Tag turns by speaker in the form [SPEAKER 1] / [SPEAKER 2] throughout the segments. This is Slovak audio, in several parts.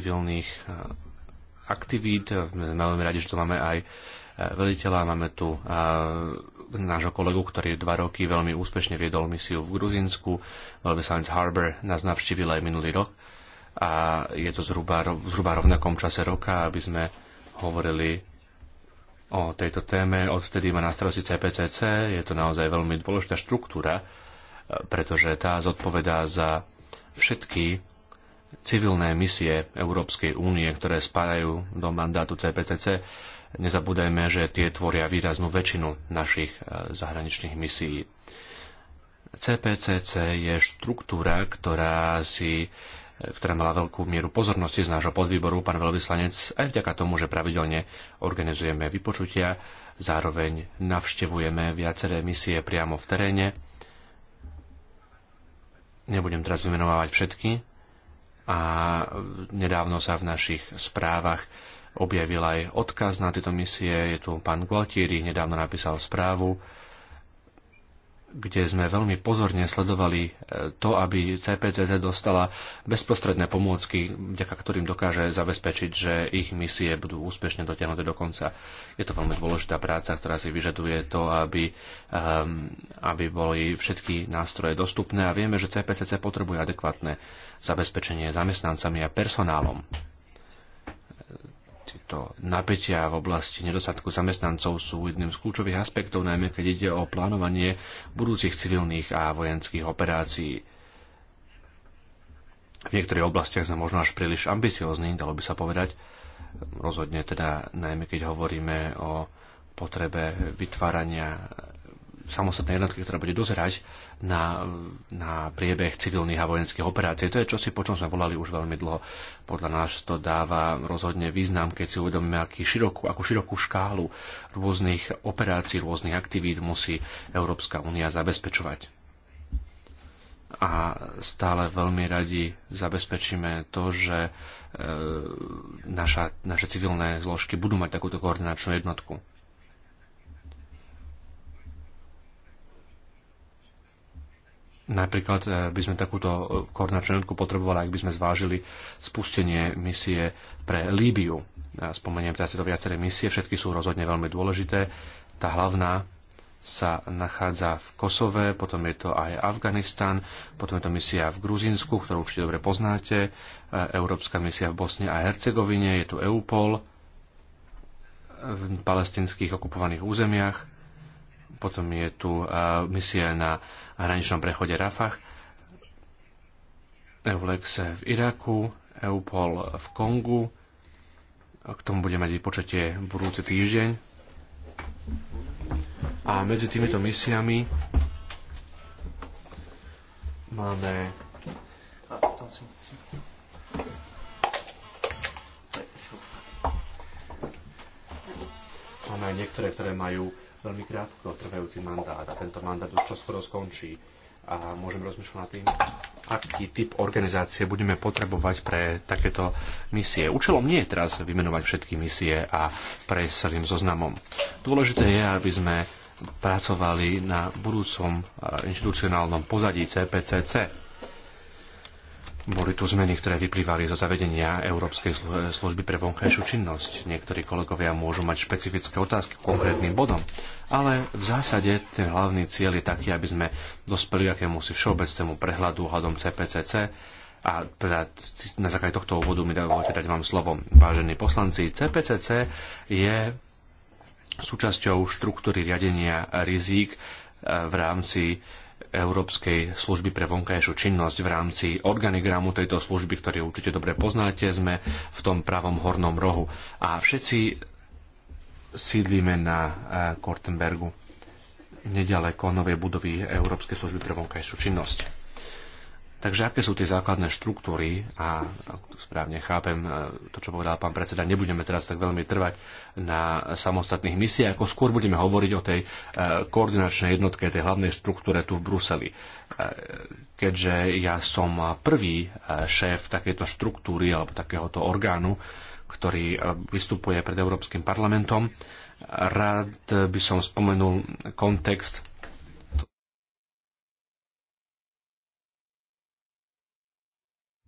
[SPEAKER 1] civilných eh, aktivít. Sme veľmi radi, že tu máme aj eh, veliteľa, máme tu eh, nášho kolegu, ktorý dva roky veľmi úspešne viedol misiu v Gruzinsku. Veľvyslanec Harbour nás navštívil aj minulý rok a je to zhruba, zhruba rovnakom čase roka, aby sme hovorili o tejto téme. Odvtedy má na starosti CPCC, je to naozaj veľmi dôležitá štruktúra, pretože tá zodpovedá za všetky civilné misie Európskej únie, ktoré spadajú do mandátu CPCC. Nezabúdajme, že tie tvoria výraznú väčšinu našich e, zahraničných misií. CPCC je štruktúra, ktorá si e, ktorá mala veľkú mieru pozornosti z nášho podvýboru, pán veľvyslanec, aj vďaka tomu, že pravidelne organizujeme vypočutia, zároveň navštevujeme viaceré misie priamo v teréne. Nebudem teraz vymenovávať všetky, a nedávno sa v našich správach objavil aj odkaz na tieto misie. Je tu pán Gualtieri, nedávno napísal správu, kde sme veľmi pozorne sledovali e, to, aby CPCZ dostala bezprostredné pomôcky, vďaka ktorým dokáže zabezpečiť, že ich misie budú úspešne dotiahnuté do konca. Je to veľmi dôležitá práca, ktorá si vyžaduje to, aby, um, aby boli všetky nástroje dostupné a vieme, že CPCC potrebuje adekvátne zabezpečenie zamestnancami a personálom tieto napätia v oblasti nedostatku zamestnancov sú jedným z kľúčových aspektov, najmä keď ide o plánovanie budúcich civilných a vojenských operácií. V niektorých oblastiach sme možno až príliš ambiciozní, dalo by sa povedať. Rozhodne teda, najmä keď hovoríme o potrebe vytvárania Samostatné jednotky, ktorá bude dozerať na, na priebeh civilných a vojenských operácií. To je čosi, po čom sme volali už veľmi dlho. Podľa nás to dáva rozhodne význam, keď si uvedomíme, aký širokú, akú širokú škálu rôznych operácií, rôznych aktivít musí Európska únia zabezpečovať. A stále veľmi radi zabezpečíme to, že e, naša, naše civilné zložky budú mať takúto koordinačnú jednotku Napríklad e, by sme takúto e, koordinačnú jednotku potrebovali, ak by sme zvážili spustenie misie pre Líbiu. Spomeniem teraz to viaceré misie, všetky sú rozhodne veľmi dôležité. Tá hlavná sa nachádza v Kosove, potom je to aj Afganistan, potom je to misia v Gruzínsku, ktorú určite dobre poznáte, e, Európska misia v Bosne a Hercegovine, je tu EUPOL v palestinských okupovaných územiach potom je tu e, misia na hraničnom prechode Rafah, Eulex v Iraku, Eupol v Kongu. K tomu budeme mať počatie budúci týždeň. A medzi týmito misiami máme máme aj niektoré, ktoré majú veľmi krátko trvajúci mandát a tento mandát už čoskoro skončí a môžem rozmýšľať nad tým, aký typ organizácie budeme potrebovať pre takéto misie. Účelom nie je teraz vymenovať všetky misie a prejsť celým zoznamom. Dôležité je, aby sme pracovali na budúcom eh, inštitucionálnom pozadí CPCC boli tu zmeny, ktoré vyplývali zo zavedenia Európskej služby pre vonkajšiu činnosť. Niektorí kolegovia môžu mať špecifické otázky k konkrétnym bodom, ale v zásade ten hlavný cieľ je taký, aby sme dospeli si všeobecnému prehľadu hľadom CPCC, a teda na základe tohto úvodu mi dovolte dať vám slovo, vážení poslanci. CPCC je súčasťou štruktúry riadenia rizík eh, v rámci Európskej služby pre vonkajšiu činnosť v rámci organigramu tejto služby, ktorý určite dobre poznáte, sme v tom pravom hornom rohu. A všetci sídlíme na e, Kortenbergu, nedaleko novej budovy Európskej služby pre vonkajšiu činnosť. Takže aké sú tie základné štruktúry a ak tu správne chápem e, to, čo povedal pán predseda, nebudeme teraz tak veľmi trvať na samostatných misiách, ako skôr budeme hovoriť o tej e, koordinačnej jednotke, tej hlavnej štruktúre tu v Bruseli. E, keďže ja som prvý šéf takéto štruktúry alebo takéhoto orgánu, ktorý vystupuje pred Európskym parlamentom, rád by som spomenul kontext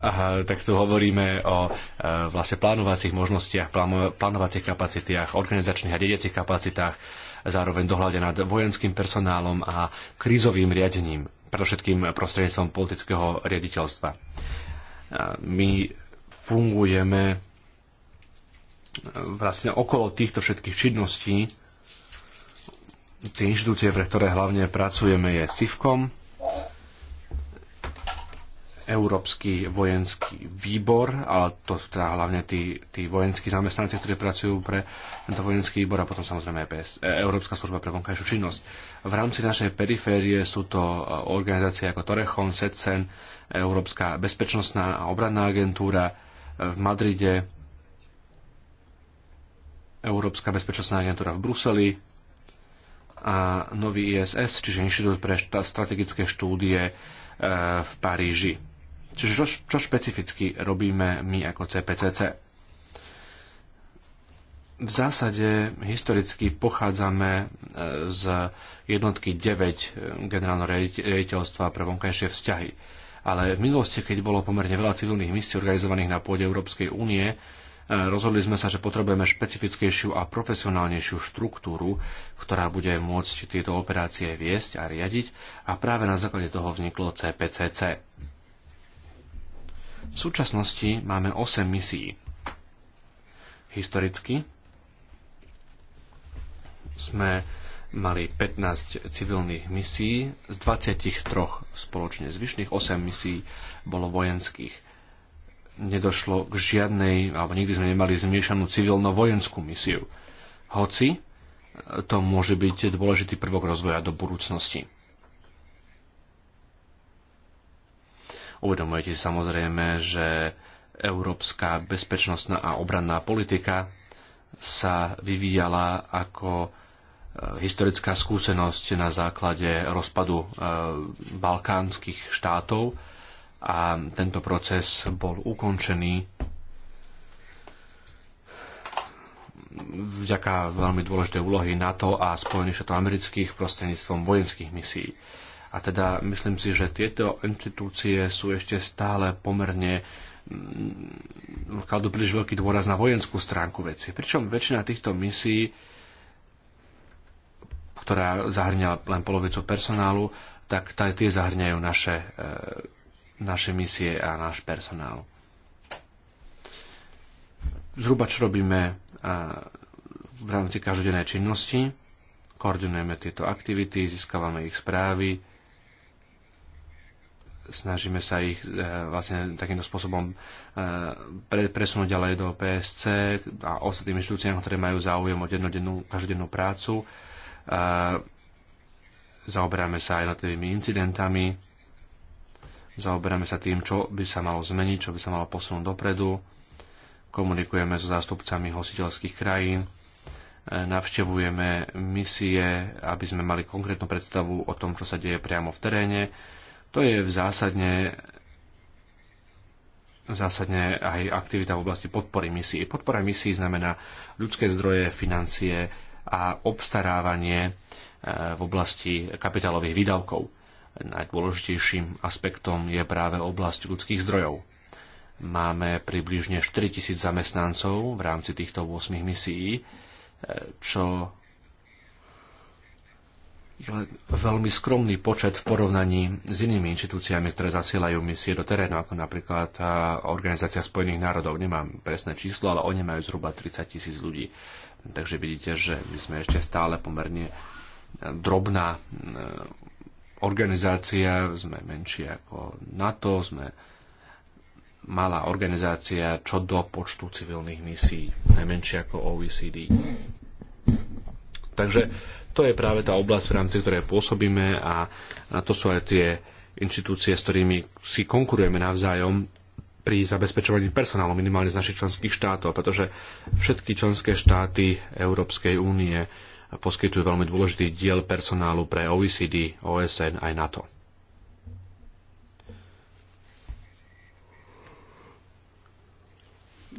[SPEAKER 1] Aha, tak tu hovoríme o e, vlastne plánovacích možnostiach, plánovacích kapacitách, organizačných a dediacich kapacitách, zároveň dohľade nad vojenským personálom a krízovým riadením, predovšetkým prostredníctvom politického riaditeľstva. E, my fungujeme e, vlastne okolo týchto všetkých činností. Tie inštitúcie, pre ktoré hlavne pracujeme, je SIVKOM, Európsky vojenský výbor, ale to sú teda hlavne tí, tí vojenskí zamestnanci, ktorí pracujú pre tento vojenský výbor a potom samozrejme EPS, e, Európska služba pre vonkajšiu činnosť. V rámci našej periférie sú to e, organizácie ako Torechon, SEDCEN, Európska bezpečnostná a obranná agentúra e, v Madride, Európska bezpečnostná agentúra v Bruseli, a nový ISS, čiže Inštitút pre strategické štúdie v Paríži. Čiže čo, čo špecificky robíme my ako CPCC? V zásade historicky pochádzame e, z jednotky 9 e, generálneho riaditeľstva pre vonkajšie vzťahy. Ale v minulosti, keď bolo pomerne veľa civilných misií organizovaných na pôde Európskej únie, e, rozhodli sme sa, že potrebujeme špecifickejšiu a profesionálnejšiu štruktúru, ktorá bude môcť tieto operácie viesť a riadiť a práve na základe toho vzniklo CPCC. V súčasnosti máme 8 misií. Historicky sme mali 15 civilných misií z 23 spoločne. Zvyšných 8 misií bolo vojenských. Nedošlo k žiadnej, alebo nikdy sme nemali zmiešanú civilno-vojenskú misiu. Hoci to môže byť dôležitý prvok rozvoja do budúcnosti. Uvedomujete samozrejme, že európska bezpečnostná a obranná politika sa vyvíjala ako e, historická skúsenosť na základe rozpadu e, balkánskych štátov a tento proces bol ukončený vďaka veľmi dôležitej úlohy NATO a Spojených štátov amerických prostredníctvom vojenských misií. A teda myslím si, že tieto inštitúcie sú ešte stále pomerne mm, kladú príliš veľký dôraz na vojenskú stránku veci. Pričom väčšina týchto misií, ktorá zahrňa len polovicu personálu, tak tie zahrňajú naše, e, naše misie a náš personál. Zhruba čo robíme e, v rámci každodennej činnosti, koordinujeme tieto aktivity, získavame ich správy, snažíme sa ich e, vlastne takýmto spôsobom e, presunúť ďalej do PSC a ostatným inštitúciám, ktoré majú záujem o dennodennú, každodennú prácu. E, zaoberáme sa aj jednotlivými incidentami, zaoberáme sa tým, čo by sa malo zmeniť, čo by sa malo posunúť dopredu, komunikujeme so zástupcami hostiteľských krajín, navštevujeme misie, aby sme mali konkrétnu predstavu o tom, čo sa deje priamo v teréne, to je v zásadne zásadne aj aktivita v oblasti podpory misií. Podpora misií znamená ľudské zdroje, financie a obstarávanie e, v oblasti kapitálových výdavkov. Najdôležitejším aspektom je práve oblasť ľudských zdrojov. Máme približne 4000 zamestnancov v rámci týchto 8 misií, e, čo len veľmi skromný počet v porovnaní s inými inštitúciami, ktoré zasielajú misie do terénu, ako napríklad Organizácia spojených národov. Nemám presné číslo, ale oni majú zhruba 30 tisíc ľudí. Takže vidíte, že my sme ešte stále pomerne e, drobná e, organizácia, sme menšie ako NATO, sme malá organizácia čo do počtu civilných misií, najmenšia ako OECD. Takže to je práve tá oblasť, v rámci ktorej pôsobíme a, a to sú aj tie inštitúcie, s ktorými si konkurujeme navzájom pri zabezpečovaní personálu minimálne z našich členských štátov, pretože všetky členské štáty Európskej únie poskytujú veľmi dôležitý diel personálu pre OECD, OSN aj NATO.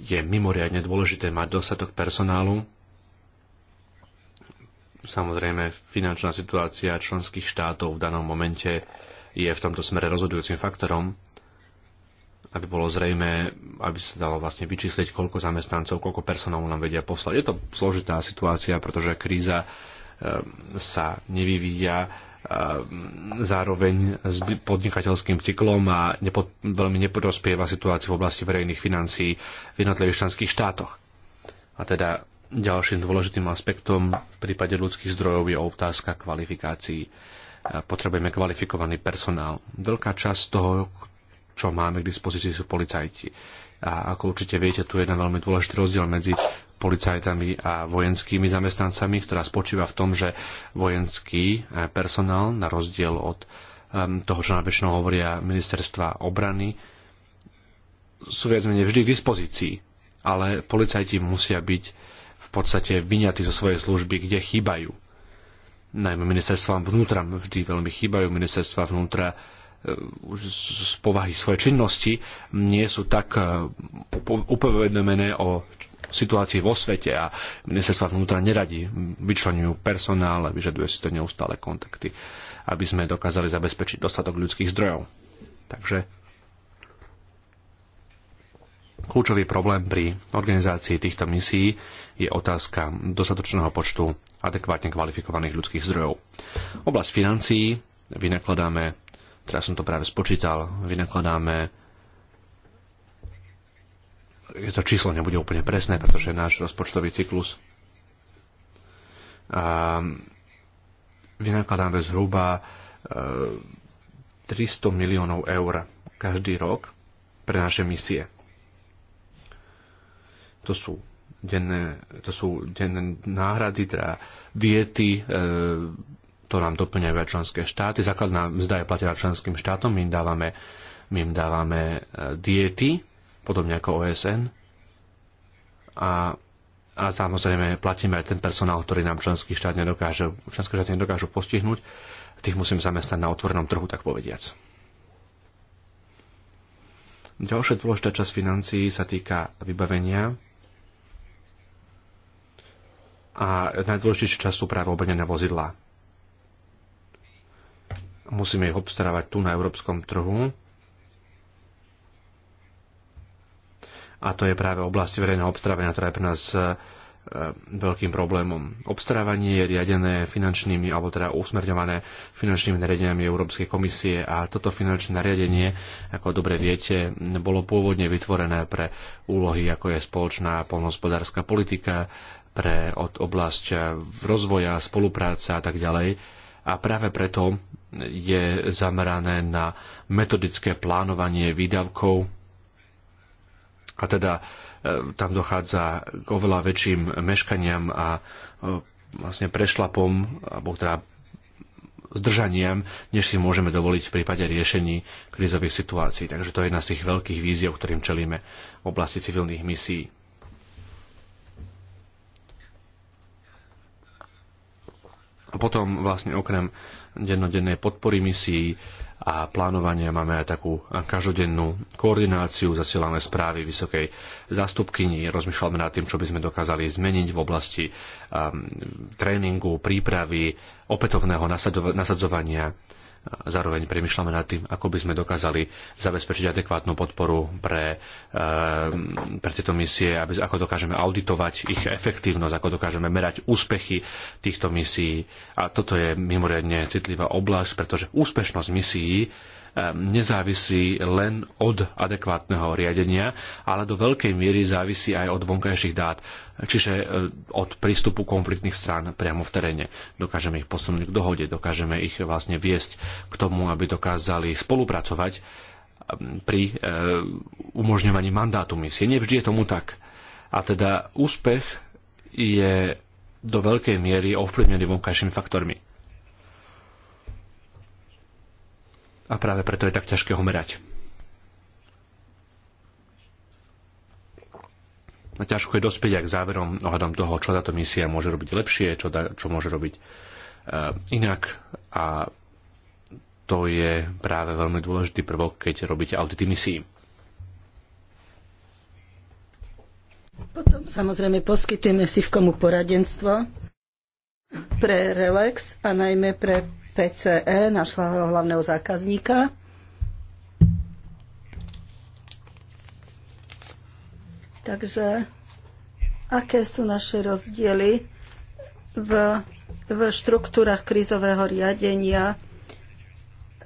[SPEAKER 1] Je mimoriadne dôležité mať dostatok personálu Samozrejme, finančná situácia členských štátov v danom momente je v tomto smere rozhodujúcim faktorom, aby bolo zrejme, aby sa dalo vlastne vyčísliť, koľko zamestnancov, koľko personálu nám vedia poslať. Je to zložitá situácia, pretože kríza e, sa nevyvíja e, zároveň s podnikateľským cyklom a nepo, veľmi neprospieva situáciu v oblasti verejných financií v jednotlivých členských štátoch. A teda Ďalším dôležitým aspektom v prípade ľudských zdrojov je otázka kvalifikácií. Potrebujeme kvalifikovaný personál. Veľká časť toho, čo máme k dispozícii, sú policajti. A ako určite viete, tu je jeden veľmi dôležitý rozdiel medzi policajtami a vojenskými zamestnancami, ktorá spočíva v tom, že vojenský e, personál, na rozdiel od toho, čo nám väčšinou hovoria ministerstva obrany, sú viac menej vždy k dispozícii. Ale policajti musia byť podstate vyňatí zo svojej služby, kde chýbajú. Najmä ministerstvám vnútra vždy veľmi chýbajú, ministerstva vnútra e, z povahy svojej činnosti nie sú tak e, upovedomené o situácii vo svete a ministerstva vnútra neradi vyčlenujú personál a vyžaduje si to neustále kontakty, aby sme dokázali zabezpečiť dostatok ľudských zdrojov. Takže Kľúčový problém pri organizácii týchto misií je otázka dostatočného počtu adekvátne kvalifikovaných ľudských zdrojov. Oblasť financií vynakladáme, teraz som to práve spočítal, vynakladáme to číslo nebude úplne presné, pretože náš rozpočtový cyklus a vynakladáme zhruba 300 e, miliónov eur každý rok pre naše misie to sú denné, to sú denné náhrady, teda diety, e, to nám doplňajú aj členské štáty. Základná mzda je platená členským štátom, my im dávame, my im dávame e, diety, podobne ako OSN. A, a samozrejme platíme aj ten personál, ktorý nám členský štát nedokáže, členské štáty nedokážu postihnúť. Tých musím zamestnať na otvorenom trhu, tak povediac. Ďalšia dôležitá časť financií sa týka vybavenia a najdôležitejšia časť sú práve obrnené vozidlá. Musíme ich obstarávať tu na európskom trhu. A to je práve oblasti verejného obstarávania, ktorá je pre nás e, veľkým problémom. Obstarávanie je riadené finančnými, alebo teda usmerňované finančnými nariadeniami Európskej komisie a toto finančné nariadenie, ako dobre viete, bolo pôvodne vytvorené pre úlohy, ako je spoločná polnohospodárska politika, pre od oblasť eh, rozvoja, spolupráca a tak ďalej. A práve preto je zamerané na metodické plánovanie výdavkov a teda eh, tam dochádza k oveľa väčším meškaniam a eh, vlastne prešlapom, alebo teda zdržaniam, než si môžeme dovoliť v prípade riešení krízových situácií. Takže to je jedna z tých veľkých víziev, ktorým čelíme v oblasti civilných misií. A potom vlastne okrem dennodennej podpory misií a plánovania máme aj takú každodennú koordináciu, zasielame správy vysokej zástupkyni, rozmýšľame nad tým, čo by sme dokázali zmeniť v oblasti um, tréningu, prípravy, opätovného nasadzovania Zároveň premyšľame nad tým, ako by sme dokázali zabezpečiť adekvátnu podporu pre, eh, pre tieto misie, aby, ako dokážeme auditovať ich efektívnosť, ako dokážeme merať úspechy týchto misií. A toto je mimoriadne citlivá oblasť, pretože úspešnosť misií eh, nezávisí len od adekvátneho riadenia, ale do veľkej miery závisí aj od vonkajších dát čiže e, od prístupu konfliktných strán priamo v teréne. Dokážeme ich posunúť k dohode, dokážeme ich vlastne viesť k tomu, aby dokázali spolupracovať e, pri e, umožňovaní mandátu misie. Nevždy je tomu tak. A teda úspech je do veľkej miery ovplyvnený vonkajšími faktormi. A práve preto je tak ťažké ho merať. ťažko je dospieť k záverom ohľadom toho, čo táto misia môže robiť lepšie, čo, da, čo môže robiť eh, inak a to je práve veľmi dôležitý prvok, keď robíte audity misií.
[SPEAKER 2] Potom samozrejme poskytujeme komu poradenstvo pre Relax, a najmä pre PCE, našla hlavného zákazníka. Takže aké sú naše rozdiely v, v štruktúrach krízového riadenia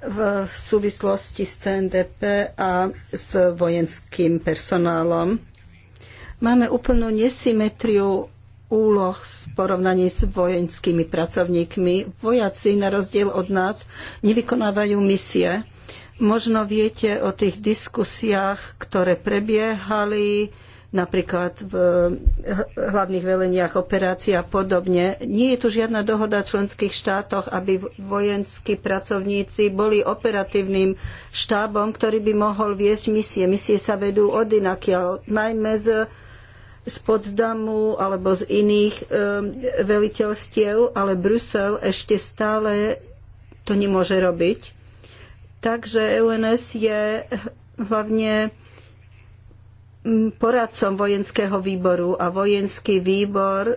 [SPEAKER 2] v súvislosti s CNDP a s vojenským personálom? Máme úplnú nesymetriu úloh v porovnaní s vojenskými pracovníkmi. Vojaci, na rozdiel od nás, nevykonávajú misie. Možno viete o tých diskusiách, ktoré prebiehali napríklad v hlavných veleniach operácií a podobne. Nie je tu žiadna dohoda v členských štátoch, aby vojenskí pracovníci boli operatívnym štábom, ktorý by mohol viesť misie. Misie sa vedú od najmä z z Potsdamu alebo z iných e, veliteľstiev, ale Brusel ešte stále to nemôže robiť. Takže EUNS je hlavne poradcom vojenského výboru a vojenský výbor e,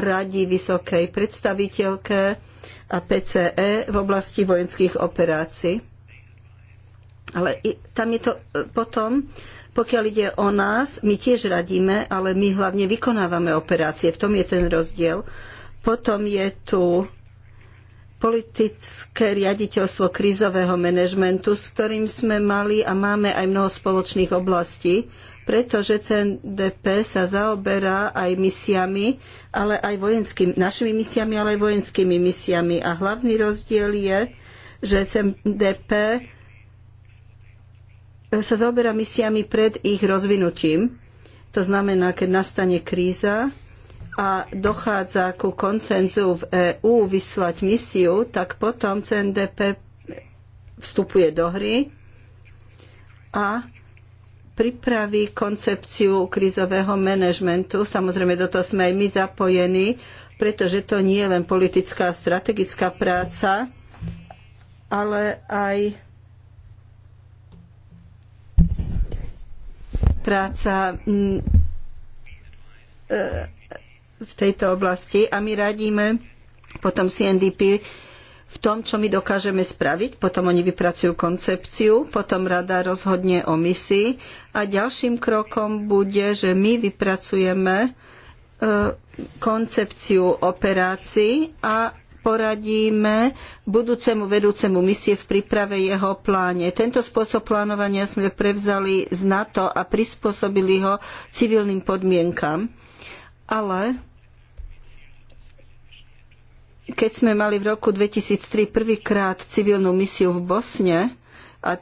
[SPEAKER 2] radí vysokej predstaviteľke a PCE v oblasti vojenských operácií. Ale tam je to e, potom, pokiaľ ide o nás, my tiež radíme, ale my hlavne vykonávame operácie. V tom je ten rozdiel. Potom je tu politické riaditeľstvo krízového manažmentu, s ktorým sme mali a máme aj mnoho spoločných oblastí pretože CNDP sa zaoberá aj misiami, ale aj vojenskými, našimi misiami, ale aj vojenskými misiami. A hlavný rozdiel je, že CNDP sa zaoberá misiami pred ich rozvinutím. To znamená, keď nastane kríza a dochádza ku koncenzu v EÚ vyslať misiu, tak potom CNDP vstupuje do hry a pripraví koncepciu krizového manažmentu. Samozrejme, do toho sme aj my zapojení, pretože to nie je len politická a strategická práca, ale aj práca mm, e, v tejto oblasti a my radíme potom CNDP v tom, čo my dokážeme spraviť, potom oni vypracujú koncepciu, potom rada rozhodne o misii a ďalším krokom bude, že my vypracujeme e, koncepciu operácií a poradíme budúcemu vedúcemu misie v príprave jeho pláne. Tento spôsob plánovania sme prevzali z NATO a prispôsobili ho civilným podmienkam. Ale keď sme mali v roku 2003 prvýkrát civilnú misiu v Bosne a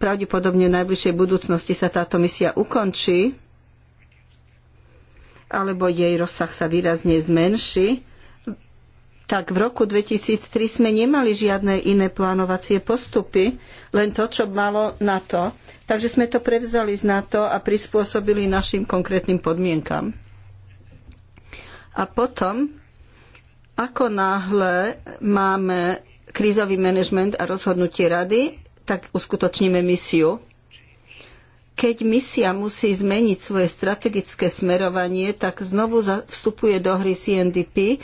[SPEAKER 2] pravdepodobne v najbližšej budúcnosti sa táto misia ukončí, alebo jej rozsah sa výrazne zmenší, tak v roku 2003 sme nemali žiadne iné plánovacie postupy, len to, čo malo NATO. Takže sme to prevzali z NATO a prispôsobili našim konkrétnym podmienkam. A potom ako náhle máme krízový manažment a rozhodnutie rady, tak uskutočníme misiu. Keď misia musí zmeniť svoje strategické smerovanie, tak znovu vstupuje do hry CNDP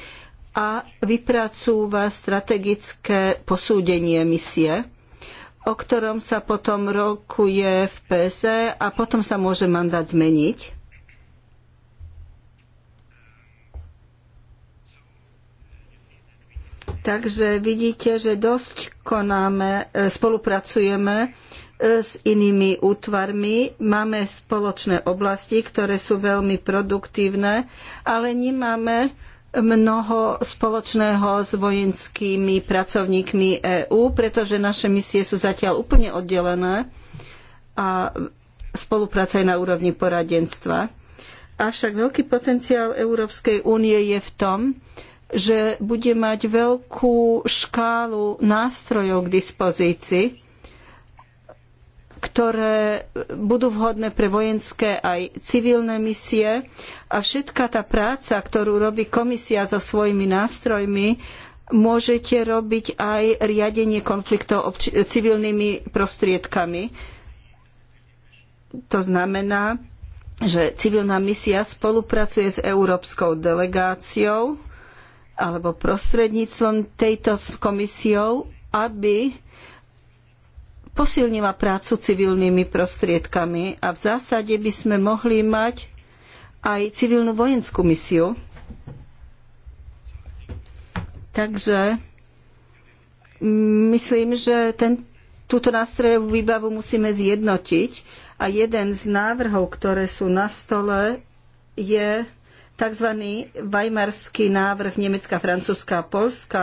[SPEAKER 2] a vypracúva strategické posúdenie misie, o ktorom sa potom rokuje v PSE a potom sa môže mandát zmeniť. Takže vidíte, že dosť konáme, e, spolupracujeme e, s inými útvarmi. Máme spoločné oblasti, ktoré sú veľmi produktívne, ale nemáme mnoho spoločného s vojenskými pracovníkmi EÚ, pretože naše misie sú zatiaľ úplne oddelené a spolupráca je na úrovni poradenstva. Avšak veľký potenciál Európskej únie je v tom, že bude mať veľkú škálu nástrojov k dispozícii, ktoré budú vhodné pre vojenské aj civilné misie a všetka tá práca, ktorú robí komisia so svojimi nástrojmi, môžete robiť aj riadenie konfliktov civilnými prostriedkami. To znamená, že civilná misia spolupracuje s európskou delegáciou alebo prostredníctvom tejto komisiou, aby posilnila prácu civilnými prostriedkami a v zásade by sme mohli mať aj civilnú vojenskú misiu. Takže myslím, že ten, túto nástrojovú výbavu musíme zjednotiť a jeden z návrhov, ktoré sú na stole, je tzv. Weimarský návrh Nemecka, Francúzska a Polska,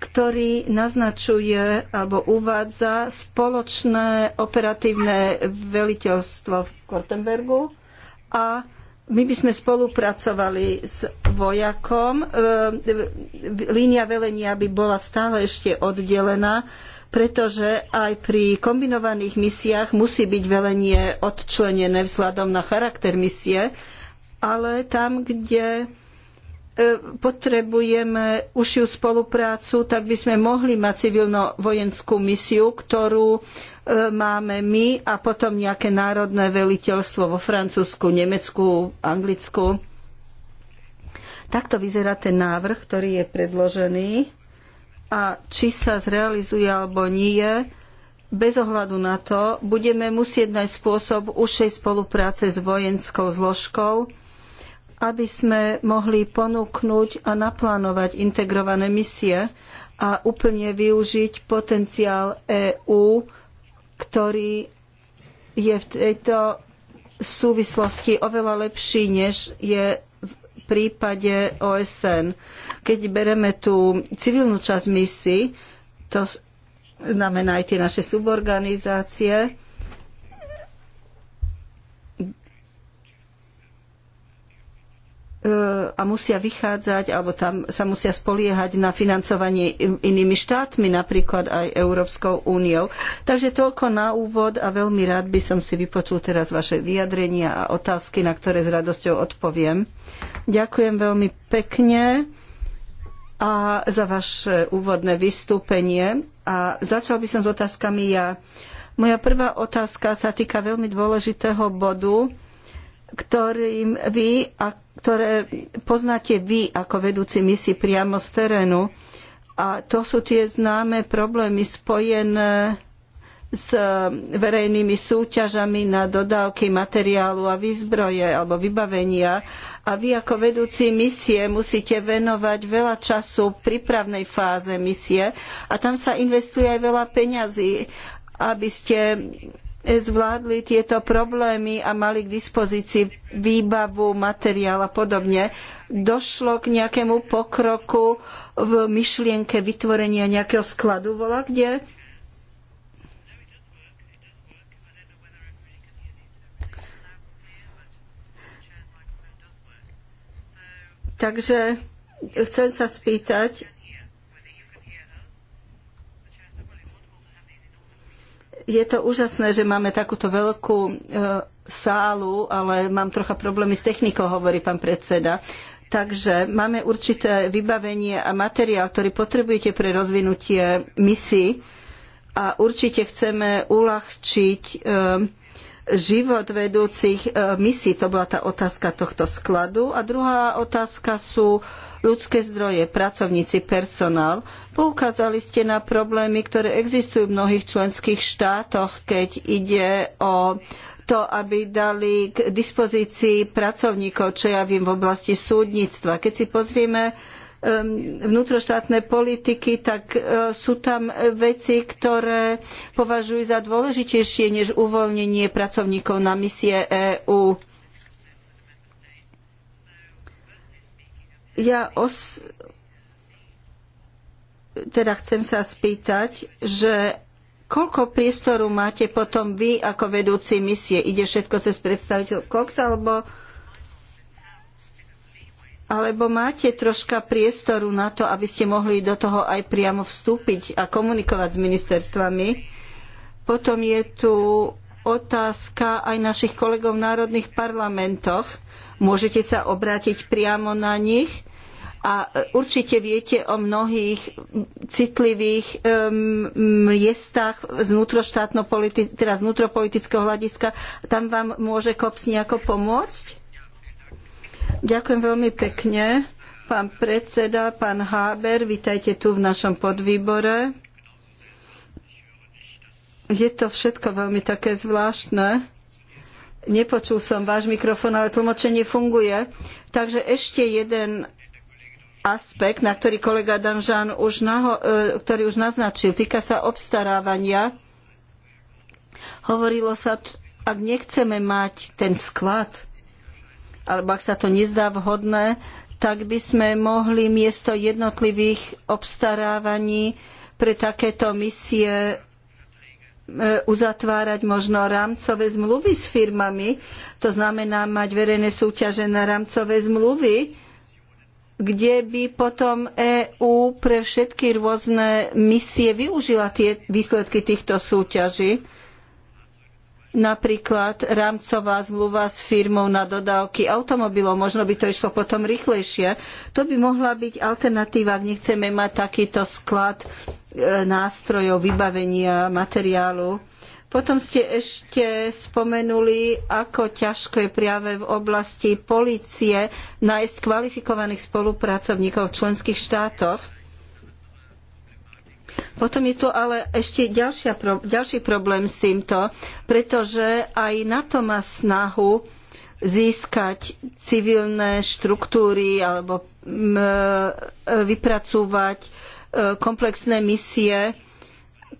[SPEAKER 2] ktorý naznačuje alebo uvádza spoločné operatívne veliteľstvo v Kortenbergu a my by sme spolupracovali s vojakom. Ehm, línia velenia by bola stále ešte oddelená, pretože aj pri kombinovaných misiách musí byť velenie odčlenené vzhľadom na charakter misie ale tam, kde e, potrebujeme užšiu spoluprácu, tak by sme mohli mať civilno-vojenskú misiu, ktorú e, máme my a potom nejaké národné veliteľstvo vo Francúzsku, Nemecku, Anglicku. Takto vyzerá ten návrh, ktorý je predložený a či sa zrealizuje alebo nie, bez ohľadu na to budeme musieť nájsť spôsob užšej spolupráce s vojenskou zložkou, aby sme mohli ponúknuť a naplánovať integrované misie a úplne využiť potenciál EÚ, ktorý je v tejto súvislosti oveľa lepší, než je v prípade OSN. Keď bereme tú civilnú časť misií, to znamená aj tie naše suborganizácie, E, a musia vychádzať, alebo tam sa musia spoliehať na financovanie inými štátmi, napríklad aj Európskou úniou. Takže toľko na úvod a veľmi rád by som si vypočul teraz vaše vyjadrenia a otázky, na ktoré s radosťou odpoviem. Ďakujem veľmi pekne a za vaše úvodné vystúpenie. A začal by som s otázkami ja. Moja prvá otázka sa týka veľmi dôležitého bodu, ktorým vy a ktoré poznáte vy ako vedúci misi priamo z terénu. A to sú tie známe problémy spojené s verejnými súťažami na dodávky materiálu a výzbroje alebo vybavenia. A vy ako vedúci misie musíte venovať veľa času prípravnej fáze misie a tam sa investuje aj veľa peňazí, aby ste zvládli tieto problémy a mali k dispozícii výbavu, materiál a podobne. Došlo k nejakému pokroku v myšlienke vytvorenia nejakého skladu vola kde? Takže chcem sa spýtať, je to úžasné, že máme takúto veľkú e, sálu, ale mám trocha problémy s technikou, hovorí pán predseda. Takže máme určité vybavenie a materiál, ktorý potrebujete pre rozvinutie misií a určite chceme uľahčiť e, život vedúcich e, misií. To bola tá otázka tohto skladu. A druhá otázka sú ľudské zdroje, pracovníci, personál. Poukázali ste na problémy, ktoré existujú v mnohých členských štátoch, keď ide o to, aby dali k dispozícii pracovníkov, čo ja viem v oblasti súdnictva. Keď si pozrieme Um, vnútroštátne politiky, tak uh, sú tam veci, ktoré považujú za dôležitejšie než uvoľnenie pracovníkov na misie EÚ. Ja os... teda chcem sa spýtať, že koľko priestoru máte potom vy ako vedúci misie? Ide všetko cez predstaviteľ Cox alebo alebo máte troška priestoru na to, aby ste mohli do toho aj priamo vstúpiť a komunikovať s ministerstvami. Potom je tu otázka aj našich kolegov v národných parlamentoch. Môžete sa obrátiť priamo na nich a určite viete o mnohých citlivých miestach z teda z vnútropolitického hľadiska. Tam vám môže KOPS nejako pomôcť? Ďakujem veľmi pekne. Pán predseda, pán Háber, vitajte tu v našom podvýbore. Je to všetko veľmi také zvláštne. Nepočul som váš mikrofón, ale tlmočenie funguje. Takže ešte jeden aspekt, na ktorý kolega Danžan už, naho, e, ktorý už naznačil. Týka sa obstarávania. Hovorilo sa, ak nechceme mať ten sklad, alebo ak sa to nezdá vhodné, tak by sme mohli miesto jednotlivých obstarávaní pre takéto misie e, uzatvárať možno rámcové zmluvy s firmami, to znamená mať verejné súťaže na rámcové zmluvy, kde by potom EÚ pre všetky rôzne misie využila tie výsledky týchto súťaží napríklad rámcová zmluva s firmou na dodávky automobilov. Možno by to išlo potom rýchlejšie. To by mohla byť alternatíva, ak nechceme mať takýto sklad e, nástrojov, vybavenia, materiálu. Potom ste ešte spomenuli, ako ťažko je práve v oblasti polície nájsť kvalifikovaných spolupracovníkov v členských štátoch. Potom je tu ale ešte ďalšia, ďalší problém s týmto, pretože aj na to má snahu získať civilné štruktúry alebo e, vypracúvať e, komplexné misie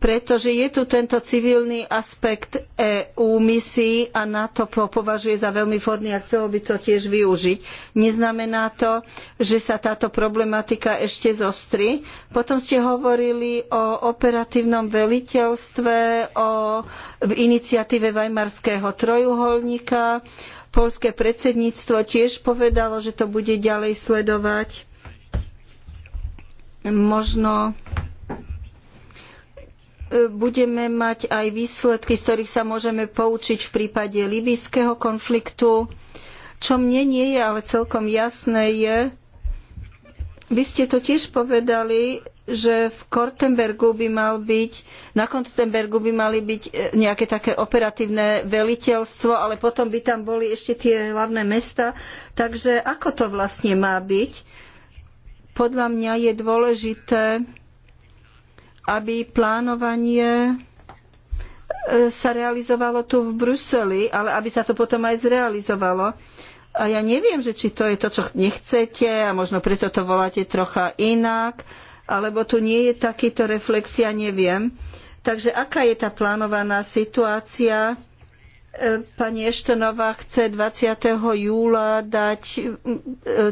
[SPEAKER 2] pretože je tu tento civilný aspekt EU misií a NATO považuje za veľmi vhodný a chcelo by to tiež využiť. Neznamená to, že sa táto problematika ešte zostri. Potom ste hovorili o operatívnom veliteľstve, o v iniciatíve Weimarského trojuholníka. Poľské predsedníctvo tiež povedalo, že to bude ďalej sledovať. Možno budeme mať aj výsledky, z ktorých sa môžeme poučiť v prípade libijského konfliktu. Čo mne nie je ale celkom jasné je, vy ste to tiež povedali, že v Kortenbergu by mal byť, na Kortenbergu by mali byť e, nejaké také operatívne veliteľstvo, ale potom by tam boli ešte tie hlavné mesta. Takže ako to vlastne má byť? Podľa mňa je dôležité aby plánovanie e, sa realizovalo tu v Bruseli, ale aby sa to potom aj zrealizovalo. A ja neviem, že či to je to, čo nechcete a možno preto to voláte trocha inak, alebo tu nie je takýto reflexia, neviem. Takže aká je tá plánovaná situácia? E, pani Eštonová chce 20. júla dať e,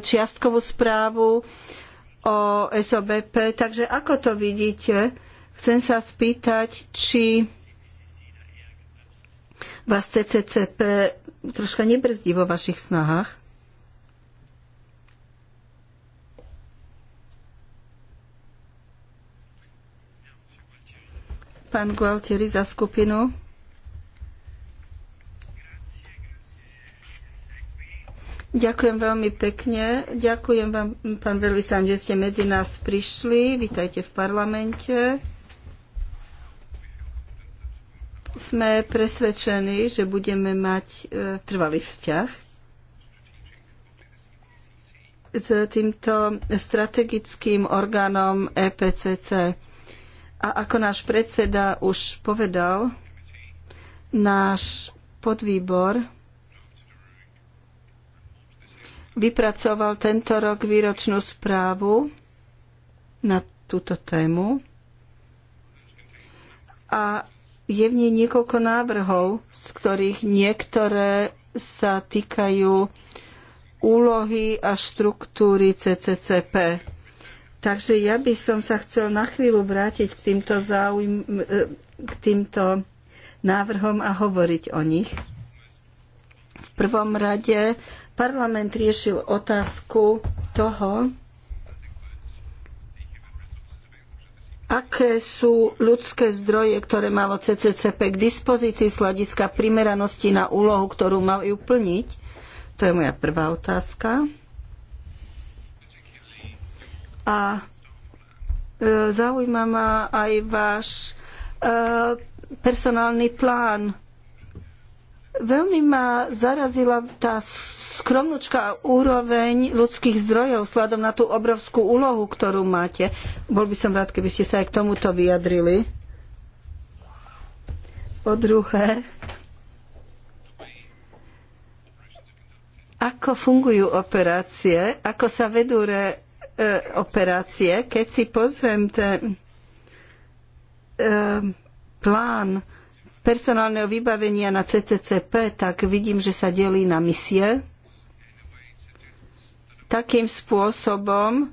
[SPEAKER 2] čiastkovú správu o SOBP. Takže ako to vidíte? Chcem sa spýtať, či vás CCCP troška nebrzdí vo vašich snahách. Pán Gualtieri za skupinu. Ďakujem veľmi pekne. Ďakujem vám, pán Veľvysán, že ste medzi nás prišli. Vítajte v parlamente. Sme presvedčení, že budeme mať e, trvalý vzťah s týmto strategickým orgánom EPCC. A ako náš predseda už povedal, náš podvýbor vypracoval tento rok výročnú správu na túto tému a je v nej niekoľko návrhov, z ktorých niektoré sa týkajú úlohy a štruktúry CCCP. Takže ja by som sa chcel na chvíľu vrátiť k týmto, záujm, e, k týmto návrhom a hovoriť o nich. V prvom rade parlament riešil otázku toho, aké sú ľudské zdroje, ktoré malo CCCP k dispozícii z hľadiska primeranosti na úlohu, ktorú majú plniť? To je moja prvá otázka. A e, zaujíma ma aj váš e, personálny plán Veľmi ma zarazila tá skromnúčka úroveň ľudských zdrojov, sladom na tú obrovskú úlohu, ktorú máte. Bol by som rád, keby ste sa aj k tomuto vyjadrili. Po druhé, ako fungujú operácie, ako sa vedú re, e, operácie, keď si pozriem ten e, plán, personálneho vybavenia na CCCP, tak vidím, že sa delí na misie takým spôsobom,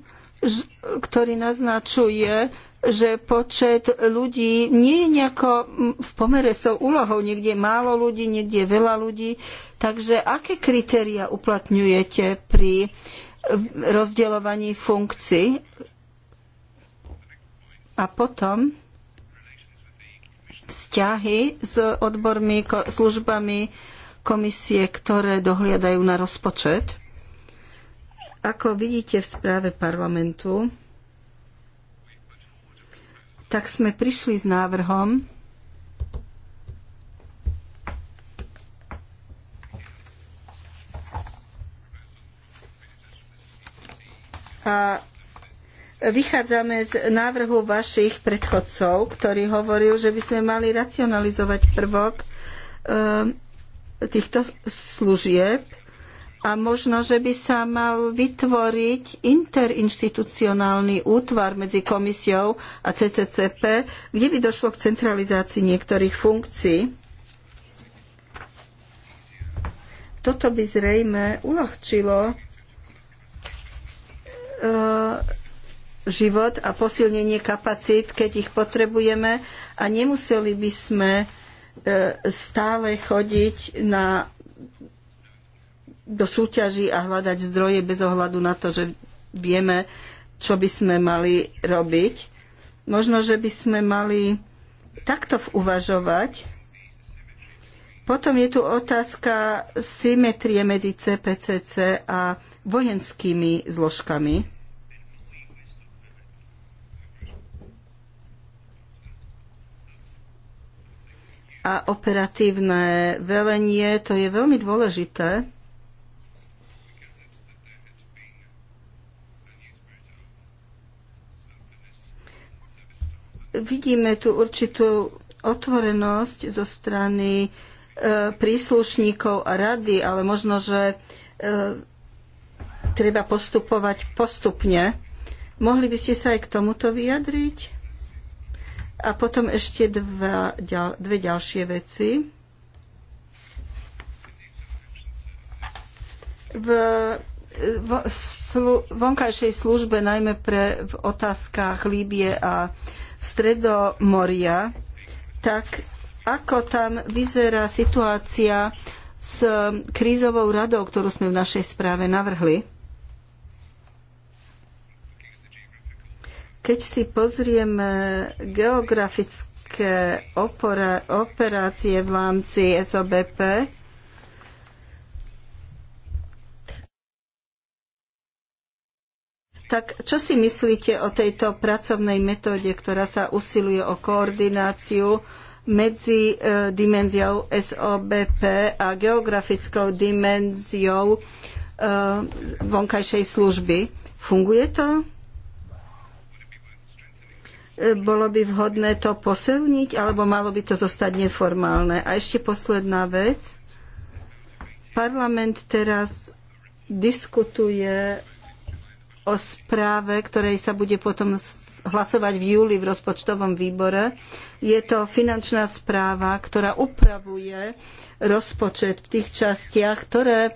[SPEAKER 2] ktorý naznačuje, že počet ľudí nie je nejako v pomere s úlohou. Niekde je málo ľudí, niekde je veľa ľudí. Takže aké kritéria uplatňujete pri e, rozdeľovaní funkcií? A potom vzťahy s odbormi, službami komisie, ktoré dohliadajú na rozpočet. Ako vidíte v správe parlamentu, tak sme prišli s návrhom, a Vychádzame z návrhu vašich predchodcov, ktorý hovoril, že by sme mali racionalizovať prvok e, týchto služieb a možno, že by sa mal vytvoriť interinštitucionálny útvar medzi komisiou a CCCP, kde by došlo k centralizácii niektorých funkcií. Toto by zrejme uľahčilo e, život a posilnenie kapacít, keď ich potrebujeme a nemuseli by sme e, stále chodiť na, do súťaží a hľadať zdroje bez ohľadu na to, že vieme, čo by sme mali robiť. Možno, že by sme mali takto uvažovať. Potom je tu otázka symetrie medzi CPCC a vojenskými zložkami. a operatívne velenie, to je veľmi dôležité. Vidíme tu určitú otvorenosť zo strany e, príslušníkov a rady, ale možno, že e, treba postupovať postupne. Mohli by ste sa aj k tomuto vyjadriť? A potom ešte dva, ďal, dve ďalšie veci. V, v slu, vonkajšej službe, najmä pre, v otázkach Líbie a Stredomoria, tak ako tam vyzerá situácia s krízovou radou, ktorú sme v našej správe navrhli? Keď si pozrieme geografické operácie v rámci SOBP, Tak čo si myslíte o tejto pracovnej metóde, ktorá sa usiluje o koordináciu medzi e, dimenziou SOBP a geografickou dimenziou e, vonkajšej služby? Funguje to? Bolo by vhodné to posilniť, alebo malo by to zostať neformálne? A ešte posledná vec. Parlament teraz diskutuje o správe, ktorej sa bude potom hlasovať v júli v rozpočtovom výbore. Je to finančná správa, ktorá upravuje rozpočet v tých častiach, ktoré e,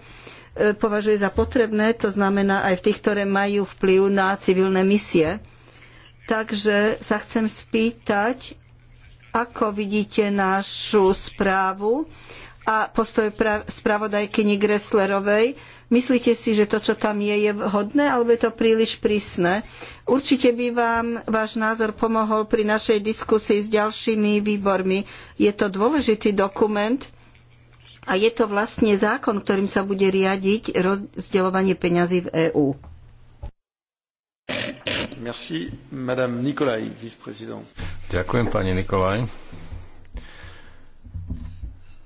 [SPEAKER 2] považuje za potrebné, to znamená aj v tých, ktoré majú vplyv na civilné misie. Takže sa chcem spýtať, ako vidíte našu správu a postoj spravodajkyni Gresslerovej. Myslíte si, že to, čo tam je, je vhodné, alebo je to príliš prísne? Určite by vám váš názor pomohol pri našej diskusii s ďalšími výbormi. Je to dôležitý dokument a je to vlastne zákon, ktorým sa bude riadiť rozdeľovanie peňazí v EÚ. Merci, madame Nikolaj, vice
[SPEAKER 3] Ďakujem, pani Nikolaj.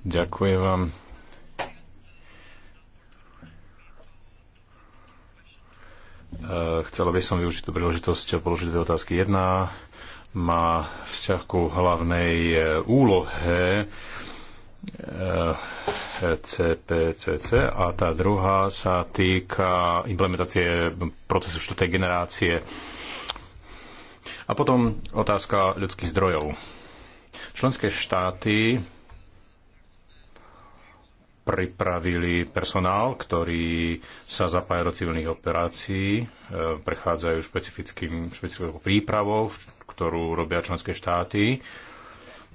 [SPEAKER 3] Ďakujem vám. Eh, chcela by som využiť tú príležitosť a položiť dve otázky. Jedna má vzťah ku hlavnej eh, úlohe CPCC eh, e a tá druhá sa týka implementácie procesu štvrtej generácie a potom otázka ľudských zdrojov. Členské štáty pripravili personál, ktorý sa zapája do civilných operácií, e, prechádzajú špecifickým, špecifickou prípravou, ktorú robia členské štáty.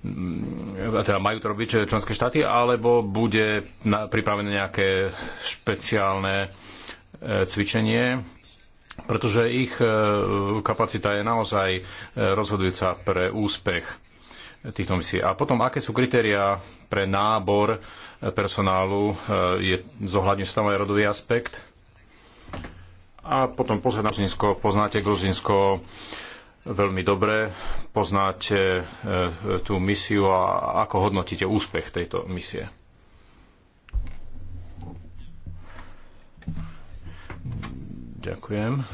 [SPEAKER 3] Mm, teda majú to robiť členské štáty, alebo bude pripravené nejaké špeciálne e, cvičenie pretože ich e, kapacita je naozaj e, rozhodujúca pre úspech týchto misií. A potom, aké sú kritériá pre nábor e, personálu? Je, zohľadne sa tam aj rodový aspekt? A potom posledná Gruzinsko. Poznáte Gruzinsko veľmi dobre, poznáte tú misiu a ako hodnotíte úspech tejto misie? Ďakujem.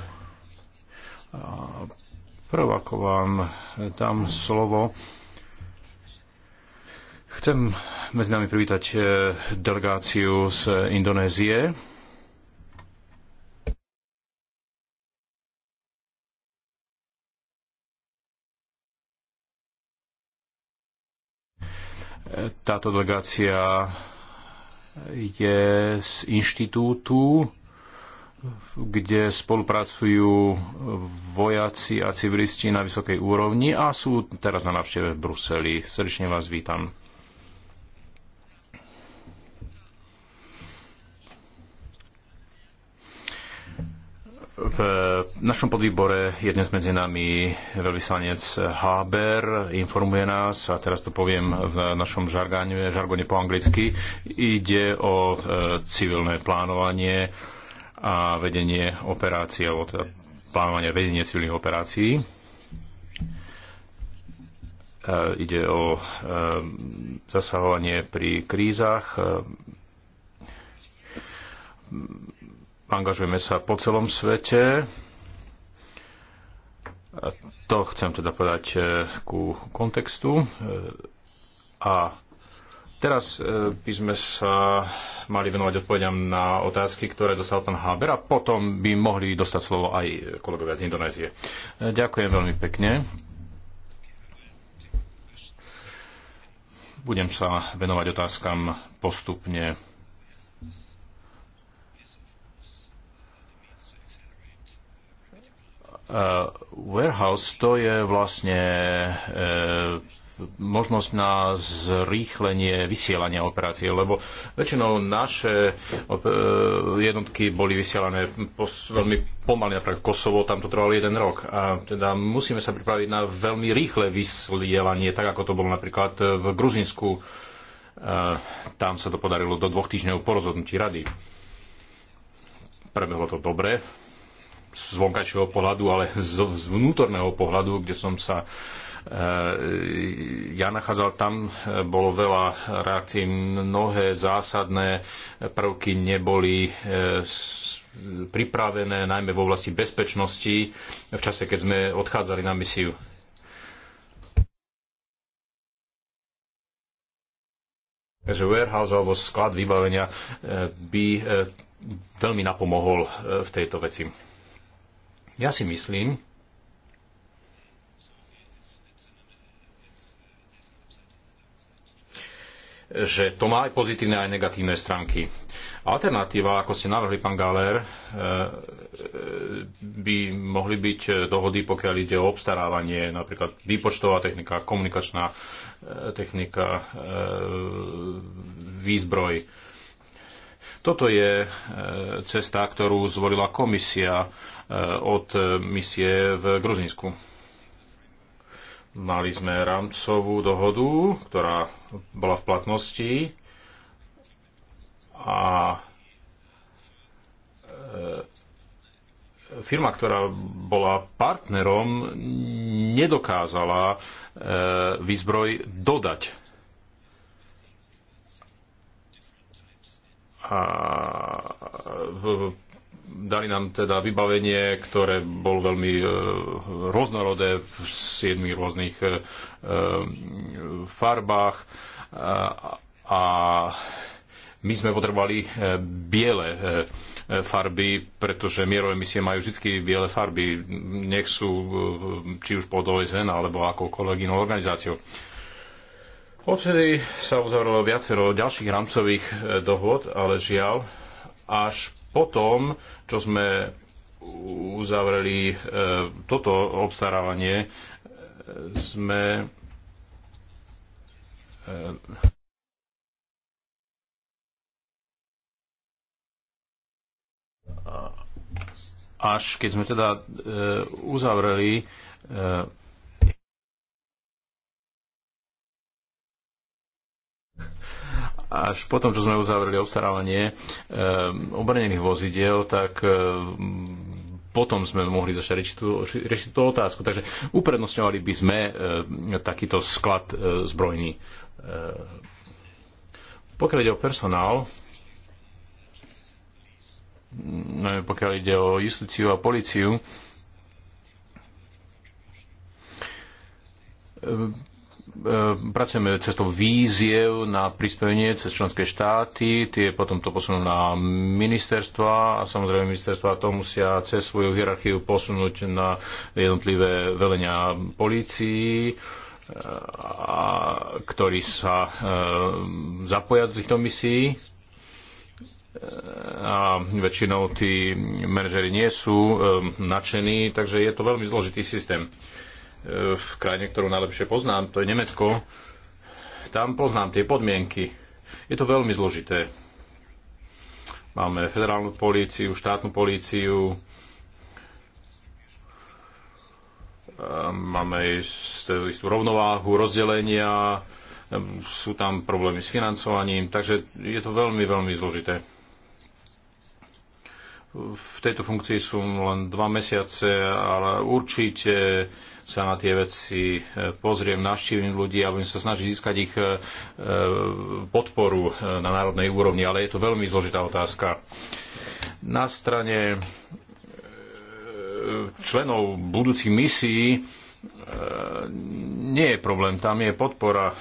[SPEAKER 3] Prvako ako vám dám slovo, chcem medzi nami privítať e, delegáciu z Indonézie. Táto delegácia je z inštitútu kde spolupracujú vojaci a civilisti na vysokej úrovni a sú teraz na návšteve v Bruseli. Srdečne vás vítam. V našom podvýbore je dnes medzi nami veľvyslanec Haber, informuje nás, a teraz to poviem v našom žargáne, žargone po anglicky, ide o e, civilné plánovanie, a vedenie operácií, alebo teda plánovanie vedenie civilných operácií. E, ide o e, zasahovanie pri krízach. E, angažujeme sa po celom svete. To chcem teda povedať ku kontextu. A teraz by sme sa mali venovať odpovediam na otázky, ktoré dostal pán Haber a potom by mohli dostať slovo aj kolegovia z Indonézie. Ďakujem veľmi pekne. Budem sa venovať otázkam postupne. Uh, warehouse to je vlastne uh, možnosť na zrýchlenie vysielania operácie, lebo väčšinou naše e, jednotky boli vysielané veľmi pomaly, napríklad Kosovo, tam to trvalo jeden rok. A teda musíme sa pripraviť na veľmi rýchle vysielanie, tak ako to bolo napríklad v Gruzinsku. E, tam sa to podarilo do dvoch týždňov po rozhodnutí rady. Prebehlo to dobre, z vonkajšieho pohľadu, ale z, z vnútorného pohľadu, kde som sa ja nachádzal, tam bolo veľa reakcií, mnohé zásadné prvky neboli e, pripravené, najmä v oblasti bezpečnosti, v čase, keď sme odchádzali na misiu. Takže warehouse alebo sklad vybavenia e, by e, veľmi napomohol v tejto veci. Ja si myslím, že to má aj pozitívne, aj negatívne stránky. Alternatíva, ako ste navrhli, pán Galer, e, e, by mohli byť dohody, pokiaľ ide o obstarávanie, napríklad výpočtová technika, komunikačná e, technika, výzbroj. Toto je cesta, ktorú zvolila komisia od misie v Gruzínsku Mali sme rámcovú dohodu, ktorá bola v platnosti a e, firma, ktorá bola partnerom, nedokázala e, výzbroj dodať. A e, dali nám teda vybavenie, ktoré bolo veľmi e, rôznorodé v siedmi rôznych e, e, farbách a, a my sme potrebovali e, biele e, farby, pretože mierové misie majú vždy biele farby, nech sú či už pod OSN alebo ako kolegynou organizáciou. Odvtedy sa uzavrelo viacero ďalších rámcových dohod, ale žiaľ, až potom, čo sme uzavreli e, toto obstarávanie, e, sme e, až keď sme teda uzavreli až potom, čo sme uzavreli obstarávanie e, obrnených vozidiel, tak e, potom sme mohli začať riešiť tú, riešiť tú otázku. Takže uprednostňovali by sme e, takýto sklad e, zbrojný. E, pokiaľ ide o personál, no, pokiaľ ide o justíciu a policiu, e, E, pracujeme cestou víziev na prispevenie cez členské štáty, tie potom to posunú na ministerstva a samozrejme ministerstva to musia cez svoju hierarchiu posunúť na jednotlivé velenia polícií e, a, ktorí sa e, zapoja do týchto misií e, a väčšinou tí manažeri nie sú e, nadšení, takže je to veľmi zložitý systém. E, E, v krajine, ktorú najlepšie poznám, to je Nemecko, tam poznám tie podmienky. Je to veľmi zložité. Máme federálnu políciu, štátnu políciu, máme istú, istú rovnováhu, rozdelenia, e, sú tam problémy s financovaním, takže je to veľmi, veľmi zložité v tejto funkcii sú len dva mesiace, ale určite sa na tie veci e, pozriem, navštívim ľudí a budem sa snažiť získať ich e, e, podporu na národnej úrovni, ale je to veľmi zložitá otázka. Na strane členov budúcich misií nie je problém, tam je podpora.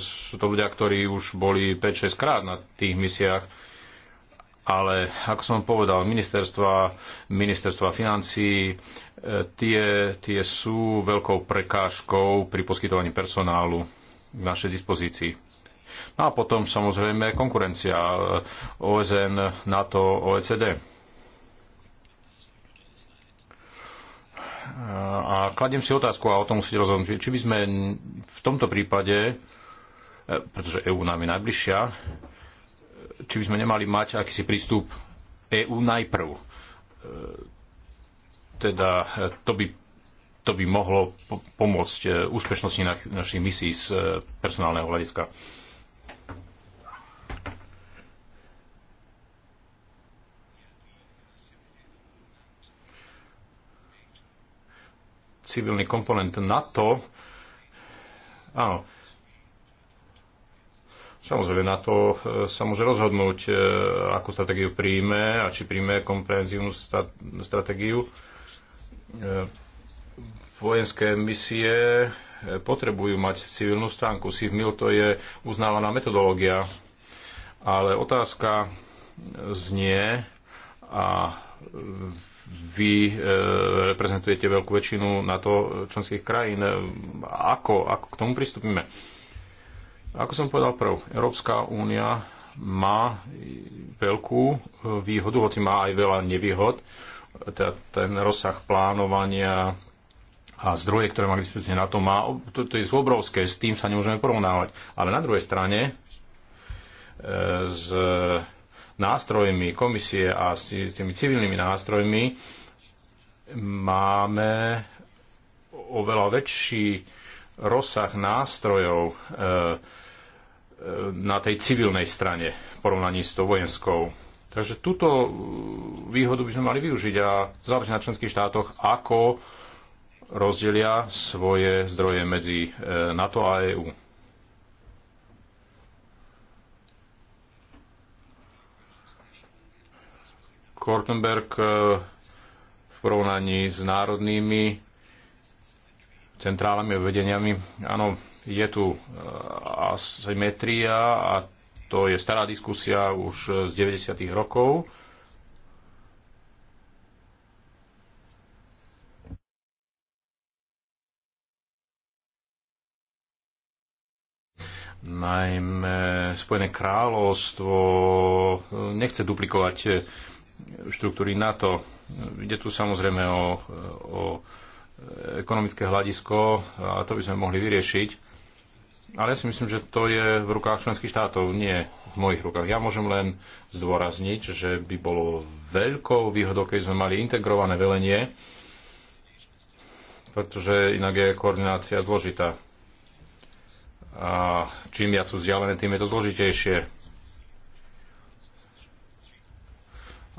[SPEAKER 3] Sú to ľudia, ktorí už boli 5-6 krát na tých misiách ale ako som povedal, ministerstva, ministerstva financí, e, tie, tie sú veľkou prekážkou pri poskytovaní personálu v našej dispozícii. No a potom samozrejme konkurencia e, OSN, NATO, OECD. A kladiem si otázku a o tom musíte rozhodnúť, či by sme v tomto prípade, e, pretože EÚ nám je najbližšia, či by sme nemali mať akýsi prístup EÚ najprv. E, teda e, to by, to by mohlo pomôcť e, úspešnosti na, našich misií z personálneho hľadiska. civilný komponent NATO. Áno, Samozrejme, na to e, sa môže rozhodnúť, e, akú stratégiu príjme a či príjme komprehenzívnu stratégiu. E, vojenské misie potrebujú mať civilnú stránku. SIVMIL to je uznávaná metodológia, ale otázka znie a vy reprezentujete veľkú väčšinu na to členských krajín. Ako, ako k tomu pristúpime? Ako som povedal prv, Európska únia má veľkú e, výhodu, hoci má aj veľa nevýhod. Teda ten rozsah plánovania a zdroje, ktoré má k dispozícii na to, má, to, to je obrovské, s tým sa nemôžeme porovnávať. Ale na druhej strane e, s nástrojmi komisie a s tými civilnými nástrojmi máme oveľa väčší rozsah nástrojov e, e, na tej civilnej strane v porovnaní s tou vojenskou. Takže túto e, výhodu by sme mali využiť a záleží na členských štátoch, ako rozdelia svoje zdroje medzi NATO a EÚ. Kortenberg v porovnaní s národnými centrálami a vedeniami. Áno, je tu e, asymetria a to je stará diskusia už z 90. rokov. najmä Spojené kráľovstvo e, nechce duplikovať e, štruktúry NATO. Ide tu samozrejme o, o ekonomické hľadisko a to by sme mohli vyriešiť. Ale ja si myslím, že to je v rukách členských štátov, nie v mojich rukách. Ja môžem len zdôrazniť, že by bolo veľkou výhodou, keď sme mali integrované velenie, pretože inak je koordinácia zložitá. A čím viac sú vzdialené, tým je to zložitejšie.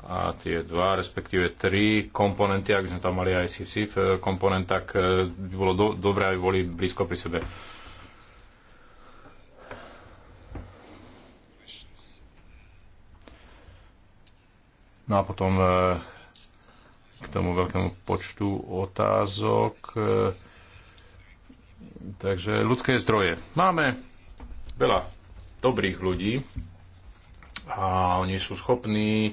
[SPEAKER 3] a tie dva, respektíve tri komponenty, ak by sme tam mali aj SIF eh, komponent, tak eh, by bolo do, dobré, aby boli blízko pri sebe. No a potom eh, k tomu veľkému počtu otázok. Takže ľudské zdroje. Máme veľa dobrých ľudí, a oni sú schopní e,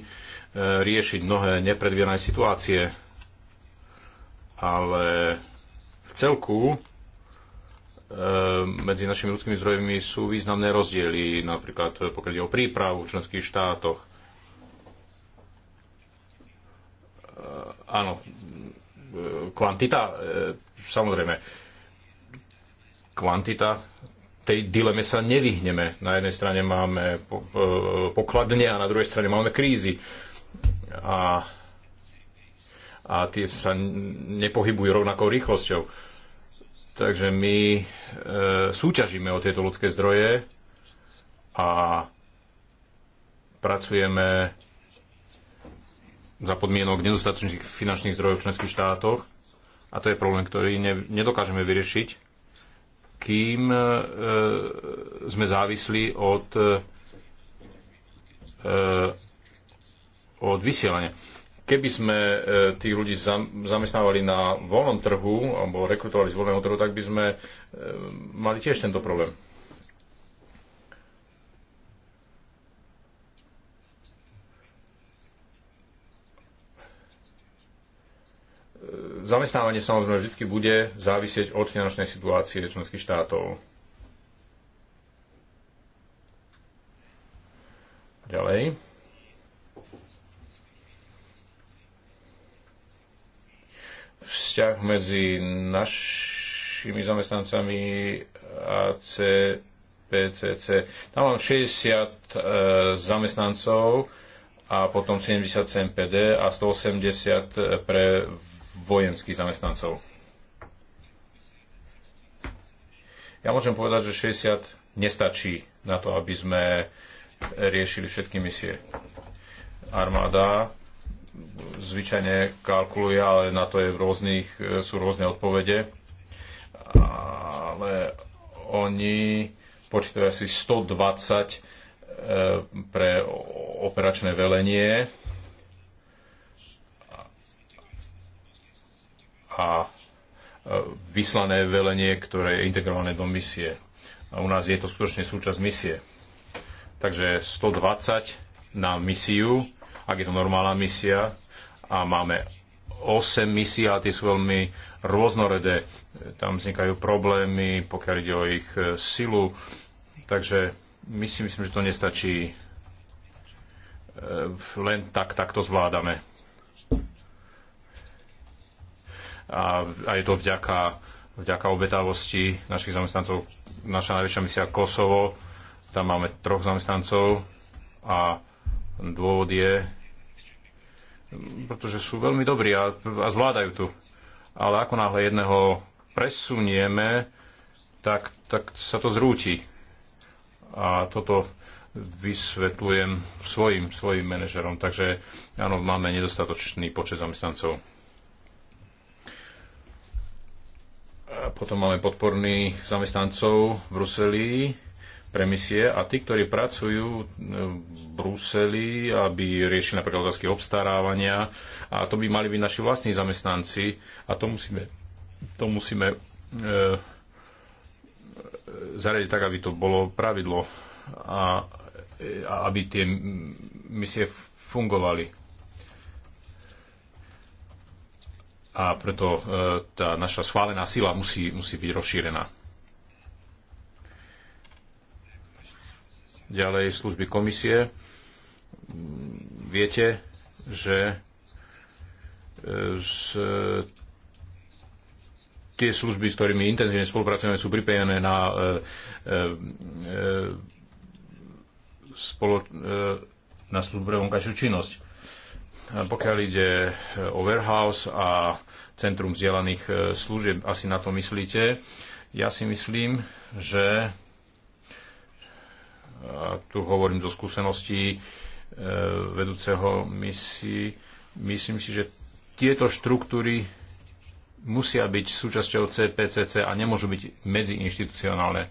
[SPEAKER 3] riešiť mnohé nepredvierané situácie. Ale v celku e, medzi našimi ľudskými zdrojmi sú významné rozdiely, napríklad pokiaľ ide o prípravu v členských štátoch. E, áno, kvantita, samozrejme, kvantita tej dileme sa nevyhneme. Na jednej strane máme pokladne a na druhej strane máme krízy. A, a tie sa nepohybujú rovnakou rýchlosťou. Takže my e, súťažíme o tieto ľudské zdroje a pracujeme za podmienok nedostatočných finančných zdrojov v členských štátoch a to je problém, ktorý ne, nedokážeme vyriešiť kým e, sme závisli od, e, e, od vysielania. Keby sme tých ľudí zamestnávali na voľnom trhu alebo rekrutovali z voľného trhu, tak by sme mali tiež tento problém. zamestnávanie samozrejme vždy bude závisieť od finančnej situácie členských štátov. Ďalej. Vzťah medzi našimi zamestnancami a CPCC. Tam mám 60 e, zamestnancov a potom 70 CMPD a 180 e, pre vojenských zamestnancov. Ja môžem povedať, že 60 nestačí na to, aby sme riešili všetky misie. Armáda zvyčajne kalkuluje, ale na to je rôznych, sú rôzne odpovede. Ale oni počítajú asi 120 e, pre operačné velenie a e, vyslané velenie, ktoré je integrované do misie. A u nás je to skutočne súčasť misie. Takže 120 na misiu, ak je to normálna misia, a máme 8 misií, a tie sú veľmi rôznorodé. Tam vznikajú problémy, pokiaľ ide o ich e, silu. Takže my si myslím, že to nestačí e, len tak, tak to zvládame. a, a je to vďaka, vďaka obetavosti našich zamestnancov. Naša najväčšia misia Kosovo, tam máme troch zamestnancov a dôvod je, pretože sú veľmi dobrí a, a zvládajú tu. Ale ako náhle jedného presunieme, tak, tak sa to zrúti. A toto vysvetľujem svojim, svojim manažerom. Takže áno, máme nedostatočný počet zamestnancov. Potom máme podporných zamestnancov v Bruseli, misie a tí, ktorí pracujú e, v Bruseli, aby riešili napríklad otázky obstarávania a to by mali byť naši vlastní zamestnanci a to musíme, to musíme e, zariadiť tak, aby to bolo pravidlo a, e, a aby tie misie fungovali. a preto e, tá naša schválená sila musí, musí byť rozšírená. Ďalej služby komisie. Viete, že z e, tie služby, s ktorými intenzívne spolupracujeme, sú pripojené na e, e, e spolo, e, na službu činnosť pokiaľ ide e, o warehouse a centrum vzdelaných e, služieb, asi na to myslíte, ja si myslím, že a e, tu hovorím zo skúseností vedúceho misi, myslím si, že tieto štruktúry musia byť súčasťou CPCC a nemôžu byť medziinstitucionálne.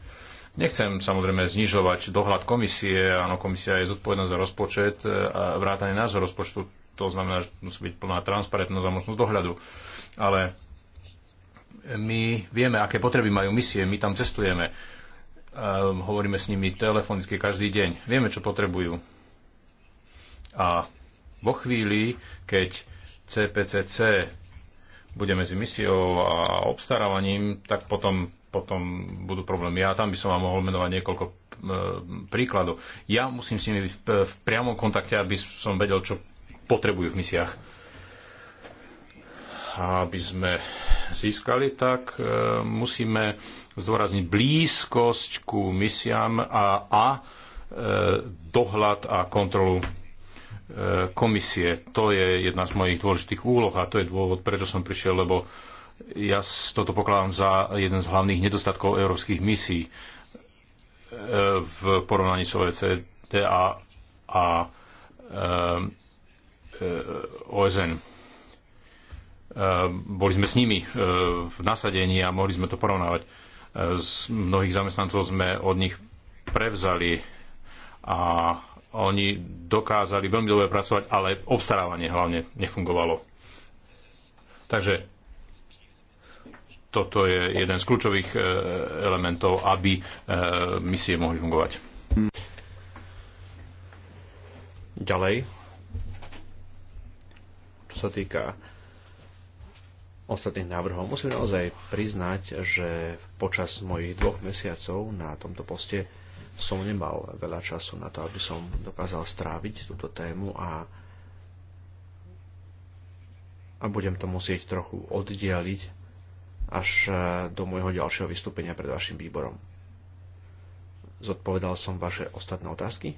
[SPEAKER 3] Nechcem samozrejme znižovať dohľad komisie, áno, komisia je zodpovedná za rozpočet a vrátanie nášho rozpočtu, to znamená, že musí byť plná transparentnosť a možnosť dohľadu. Ale my vieme, aké potreby majú misie, my tam cestujeme, um, hovoríme s nimi telefonicky každý deň, vieme, čo potrebujú. A vo chvíli, keď CPCC bude medzi misiou a obstarávaním, tak potom, potom budú problémy. Ja tam by som vám mohol menovať niekoľko ehm, príkladov. Ja musím s nimi byť v priamom kontakte, aby som vedel, čo potrebujú v misiách. Aby sme získali tak, e, musíme zdôrazniť blízkosť ku misiám a, a e, dohľad a kontrolu e, komisie. To je jedna z mojich dôležitých úloh a to je dôvod, prečo som prišiel, lebo ja toto pokladám za jeden z hlavných nedostatkov európskych misií v porovnaní s OECD a, a Eh, OSN. Eh, boli sme s nimi eh, v nasadení a mohli sme to porovnávať. Z mnohých zamestnancov sme od nich prevzali a oni dokázali veľmi dobre pracovať, ale obstarávanie hlavne nefungovalo. Takže toto je jeden z kľúčových elementov, aby misie mohli fungovať. Hm.
[SPEAKER 1] Ďalej, sa týka ostatných návrhov, musím naozaj priznať, že počas mojich dvoch mesiacov na tomto poste som nemal veľa času na to, aby som dokázal stráviť túto tému a, a budem to musieť trochu oddialiť až e, do môjho ďalšieho vystúpenia pred vašim výborom. Zodpovedal som vaše ostatné otázky?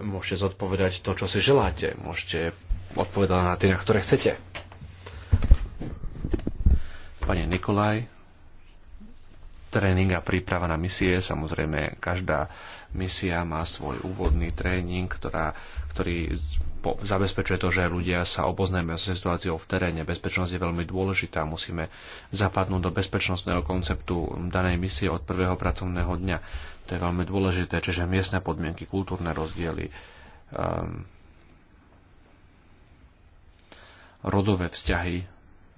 [SPEAKER 1] Môžete zodpovedať to, čo si želáte. Môžete odpovedať na tie, na ktoré chcete. Pane Nikolaj, tréning a príprava na misie, samozrejme každá misia má svoj úvodný tréning, ktorá, ktorý po, zabezpečuje to, že ľudia sa oboznajme so situáciou v teréne. Bezpečnosť je veľmi dôležitá. Musíme zapadnúť do bezpečnostného konceptu danej misie od prvého pracovného dňa. To je veľmi dôležité, čiže miestne podmienky, kultúrne rozdiely, um, rodové vzťahy,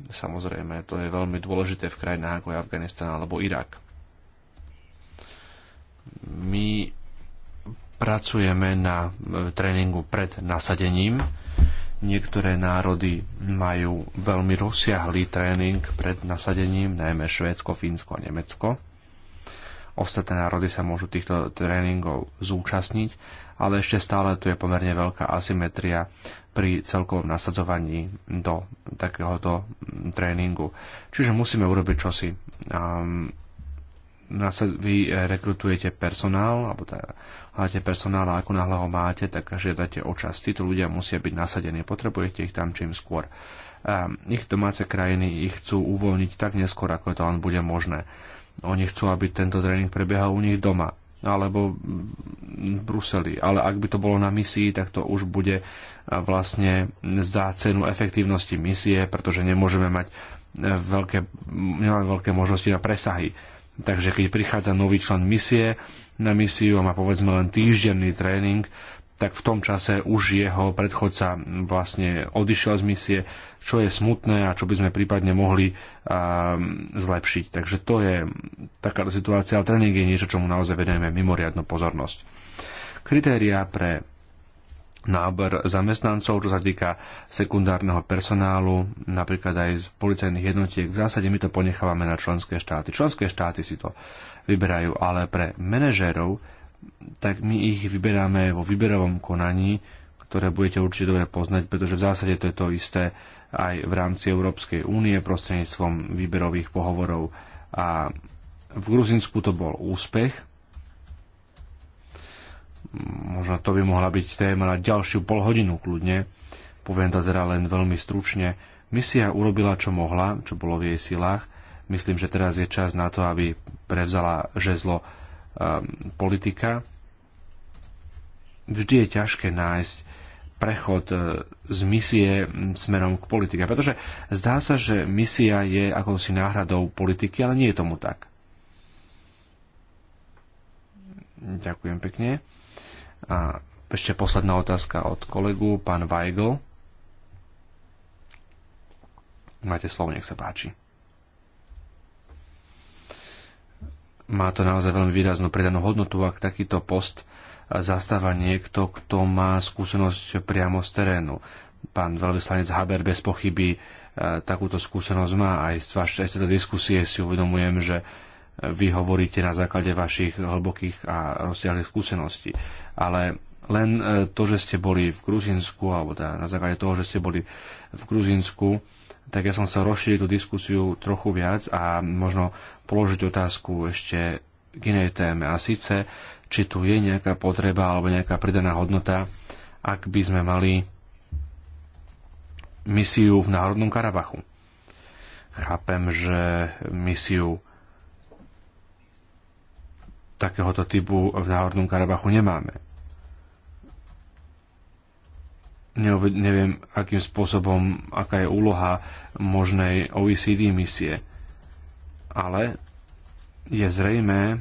[SPEAKER 1] samozrejme, to je veľmi dôležité v krajinách ako je Afganistan alebo Irak. My pracujeme na e, tréningu pred nasadením. Niektoré národy majú veľmi rozsiahlý tréning pred nasadením, najmä Švédsko, Fínsko a Nemecko. Ostatné národy sa môžu týchto tréningov zúčastniť, ale ešte stále tu je pomerne veľká asymetria pri celkovom nasadzovaní do takéhoto tréningu. Čiže musíme urobiť čosi. vy eh, rekrutujete personál, alebo tá, máte personál a ako náhle ho máte, tak žiadate o čas. Títo ľudia musia byť nasadení, potrebujete ich tam čím skôr. ich domáce krajiny ich chcú uvoľniť tak neskôr, ako to len bude možné. Oni chcú, aby tento tréning prebiehal u nich doma alebo v Bruseli. Ale ak by to bolo na misii, tak to už bude vlastne za cenu efektívnosti misie, pretože nemôžeme mať e, veľké, nemáme veľké možnosti na presahy. Takže keď prichádza nový člen misie na misiu a má povedzme len týždenný tréning, tak v tom čase už jeho predchodca vlastne odišiel z misie, čo je smutné a čo by sme prípadne mohli a, ehm, zlepšiť. Takže to je taká situácia, ale tréning je niečo, čomu naozaj venujeme mimoriadnu pozornosť. Kritéria pre nábor zamestnancov, čo sa týka sekundárneho personálu, napríklad aj z policajných jednotiek. V zásade my to ponechávame na členské štáty. Členské štáty si to vyberajú, ale pre manažérov tak my ich vyberáme vo výberovom konaní, ktoré budete určite dobre poznať, pretože v zásade to je to isté aj v rámci Európskej únie prostredníctvom výberových pohovorov. A v Gruzinsku to bol úspech. Možno to by mohla byť téma na ďalšiu polhodinu kľudne. Poviem to teda len veľmi stručne. Misia urobila, čo mohla, čo bolo v jej silách. Myslím, že teraz je čas na to, aby prevzala žezlo Ehm, politika, vždy je ťažké nájsť prechod e, z misie smerom k politike. Pretože zdá sa, že misia je akousi náhradou politiky, ale nie je tomu tak. Ďakujem pekne. A ešte posledná otázka od kolegu, pán Weigl. Máte slovo, nech sa páči. Má to naozaj veľmi výraznú pridanú hodnotu, ak takýto post zastáva niekto, kto má skúsenosť priamo z terénu. Pán veľvyslanec Haber bez pochyby e, takúto skúsenosť má. Aj z, aj z tejto diskusie si uvedomujem, že vy hovoríte na základe vašich hlbokých a rozsiahlých skúseností. Ale len e, to, že ste boli v Gruzinsku, alebo teda na základe toho, že ste boli v Gruzinsku, tak ja som sa rozšíriť tú diskusiu trochu viac a možno položiť otázku ešte k inej téme. A síce, či tu je nejaká potreba alebo nejaká pridaná hodnota, ak by sme mali misiu v Národnom Karabachu. Chápem, že misiu takéhoto typu v Národnom Karabachu nemáme neviem, akým spôsobom, aká je úloha možnej OECD misie. Ale je zrejmé,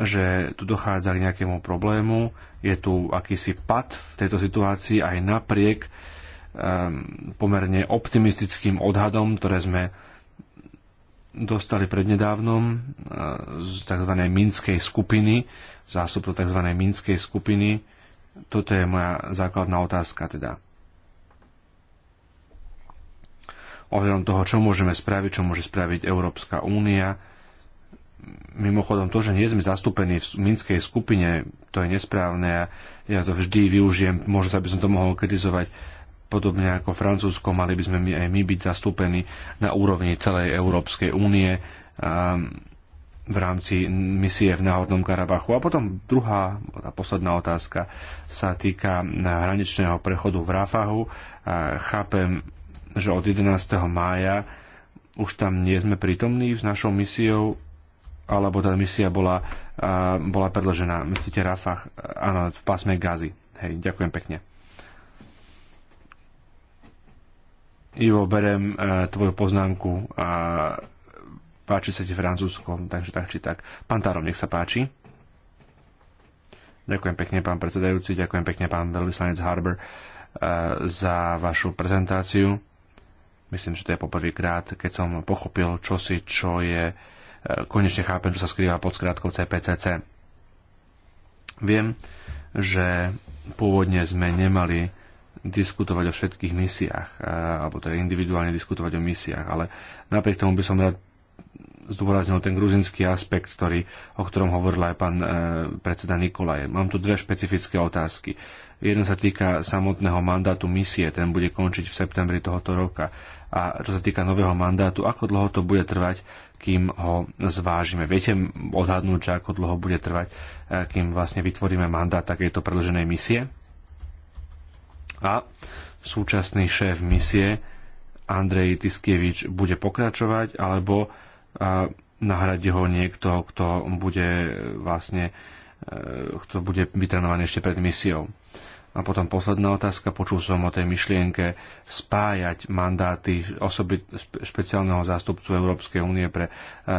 [SPEAKER 1] že tu dochádza k nejakému problému, je tu akýsi pad v tejto situácii aj napriek um, pomerne optimistickým odhadom, ktoré sme dostali prednedávnom eh, z tzv. Minskej skupiny, zástupu tzv. Minskej skupiny, toto je moja základná otázka teda. Ohľadom toho, čo môžeme spraviť, čo môže spraviť Európska únia, mimochodom to, že nie sme zastúpení v minskej skupine, to je nesprávne a ja to vždy využijem, možno sa by som to mohol kritizovať, podobne ako Francúzsko, mali by sme my aj my byť zastúpení na úrovni celej Európskej únie. Um, v rámci misie v Náhodnom Karabachu. A potom druhá, tá posledná otázka sa týka hraničného prechodu v Rafahu. A chápem, že od 11. mája už tam nie sme prítomní s našou misiou, alebo tá misia bola, bola predložená. Myslíte Rafah? Áno, v pásme Gazy. Hej, ďakujem pekne. Ivo, berem e, tvoju poznámku a páči sa ti Francúzsko, takže tak či tak. Pán Tárov, nech sa páči. Ďakujem pekne, pán predsedajúci, ďakujem pekne, pán veľvyslanec Harber, eh, za vašu prezentáciu. Myslím, že to je poprvýkrát, keď som pochopil čosi, čo je... Eh, konečne chápem, čo sa skrýva pod skrátkou CPCC. Viem, že pôvodne sme nemali diskutovať o všetkých misiách, eh, alebo teda individuálne diskutovať o misiách, ale napriek tomu by som rád zdôraznil ten gruzinský aspekt, ktorý, o ktorom hovoril aj pán e, predseda Nikolaj. Mám tu dve špecifické otázky. Jeden sa týka samotného mandátu misie, ten bude končiť v septembri tohoto roka. A čo sa týka nového mandátu, ako dlho to bude trvať, kým ho zvážime? Viete odhadnúť, že ako dlho bude trvať, e, kým vlastne vytvoríme mandát takejto predloženej misie? A súčasný šéf misie Andrej Tiskievič bude pokračovať, alebo nahradí ho niekto, kto bude vlastne e, kto bude vytrenovaný ešte pred misiou. A potom posledná otázka, počul som o tej myšlienke spájať mandáty osoby špeciálneho zástupcu Európskej únie pre e,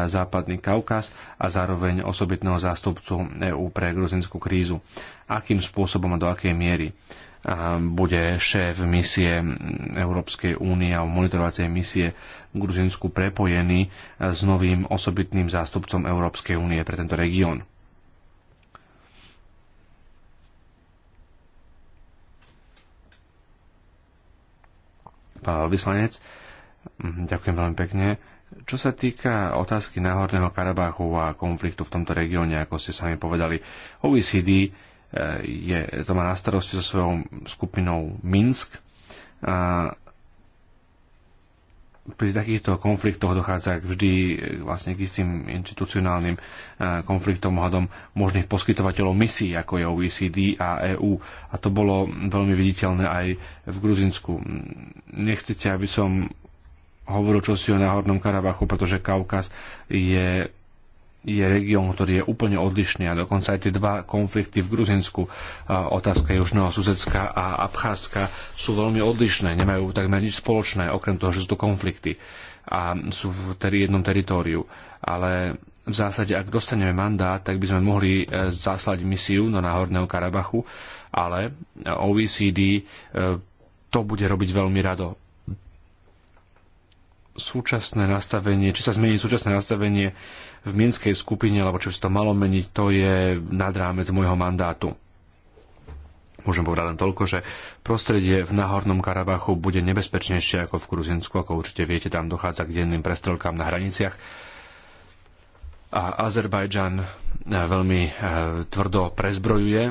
[SPEAKER 1] Západný Kaukaz a zároveň osobitného zástupcu EÚ pre gruzinskú krízu. Akým spôsobom a do akej miery? bude šéf misie Európskej únie a monitorovacej misie v Gruzinsku prepojený s novým osobitným zástupcom Európskej únie pre tento región. Pavel Vyslanec, ďakujem veľmi pekne. Čo sa týka otázky Náhorného Karabáchu a konfliktu v tomto regióne, ako ste sami povedali, OECD je, to má na starosti so svojou skupinou Minsk. A pri takýchto konfliktoch dochádza vždy e, vlastne k istým institucionálnym e, konfliktom ohľadom možných poskytovateľov misií, ako je OECD a EÚ. A to bolo veľmi viditeľné aj v Gruzinsku. Nechcete, aby som hovoril čosi si o Náhornom Karabachu, pretože Kaukaz je je región, ktorý je úplne odlišný a dokonca aj tie dva konflikty v Gruzinsku, otázka južného Suzecka a Abcházska, sú veľmi odlišné, nemajú takmer nič spoločné, okrem toho, že sú to konflikty a sú v teri jednom teritóriu. Ale v zásade, ak dostaneme mandát, tak by sme mohli e, zaslať misiu do Náhorného Karabachu, ale OECD e, to bude robiť veľmi rado súčasné nastavenie, či sa zmení súčasné nastavenie v Minskej skupine, alebo či by sa to malo meniť, to je nad rámec môjho mandátu. Môžem povedať len toľko, že prostredie v Nahornom Karabachu bude nebezpečnejšie ako v Gruzinsku, ako určite viete, tam dochádza k denným prestrelkám na hraniciach. A Azerbajdžan eh, veľmi eh, tvrdo prezbrojuje,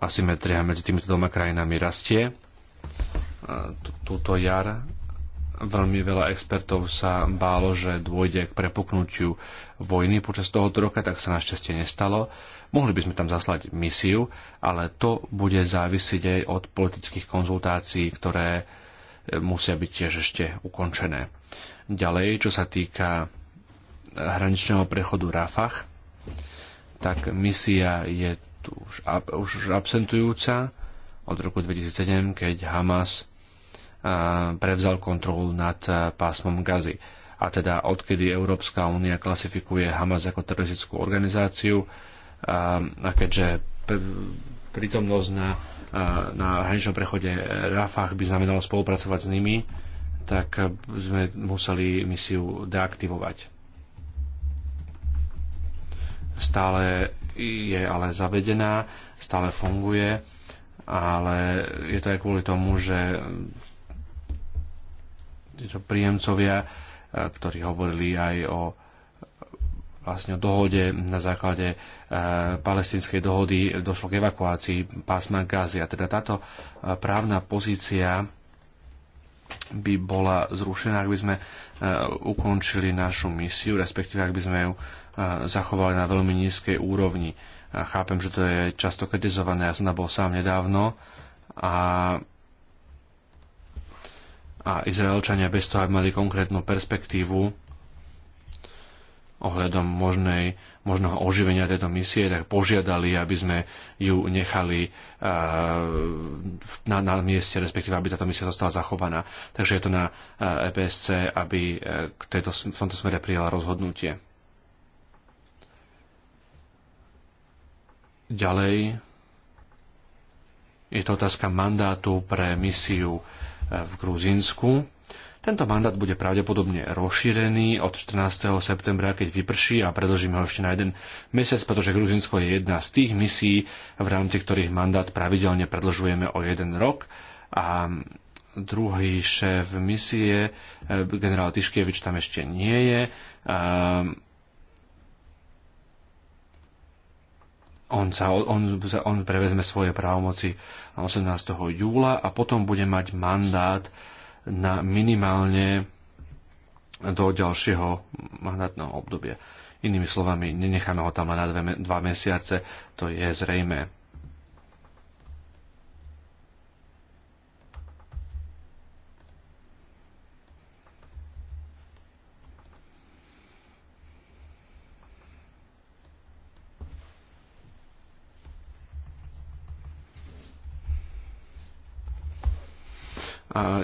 [SPEAKER 1] asymetria medzi týmito dvoma krajinami rastie. Túto jar Veľmi veľa expertov sa bálo, že dôjde k prepuknutiu vojny počas tohoto roka, tak sa našťastie nestalo. Mohli by sme tam zaslať misiu, ale to bude závisieť aj od politických konzultácií, ktoré e, musia byť tiež ešte ukončené. Ďalej, čo sa týka hraničného prechodu Rafah, tak misia je tu už, ab, už absentujúca od roku 2007, keď Hamas prevzal kontrolu nad e, pásmom Gazy. A teda odkedy Európska únia klasifikuje Hamas ako teroristickú organizáciu a keďže prítomnosť na, na hraničnom prechode Rafah by znamenalo spolupracovať s nimi, tak sme museli misiu deaktivovať. Stále je ale zavedená, stále funguje, ale je to aj kvôli tomu, že títo príjemcovia, e, ktorí hovorili aj o vlastne o dohode na základe e, palestinskej dohody došlo k evakuácii pásma Gázy. A teda táto e, právna pozícia by bola zrušená, ak by sme e, ukončili našu misiu, respektíve ak by sme ju zachovali na veľmi nízkej úrovni. A chápem, že to je často kritizované, ja som tam bol sám nedávno a a Izraelčania bez toho, aby mali konkrétnu perspektívu ohľadom možnej, možného oživenia tejto misie, tak požiadali, aby sme ju nechali eh, na, na mieste, respektíve aby táto misia zostala zachovaná. Takže je to na EPSC, eh, e aby eh, k tejto, v tomto smere prijala rozhodnutie. Ďalej je to otázka mandátu pre misiu v Gruzínsku. Tento mandát bude pravdepodobne rozšírený od 14. septembra, keď vyprší a predlžíme ho ešte na jeden mesiac, pretože Gruzinsko je jedna z tých misií, v rámci ktorých mandát pravidelne predlžujeme o jeden rok. A druhý šéf misie, eh, generál Tiškevič tam ešte nie je. on, sa, on, on prevezme svoje právomoci 18. júla a potom bude mať mandát na minimálne do ďalšieho mandátneho obdobia. Inými slovami, nenecháme ho tam len na dve, dva mesiace, to je zrejme.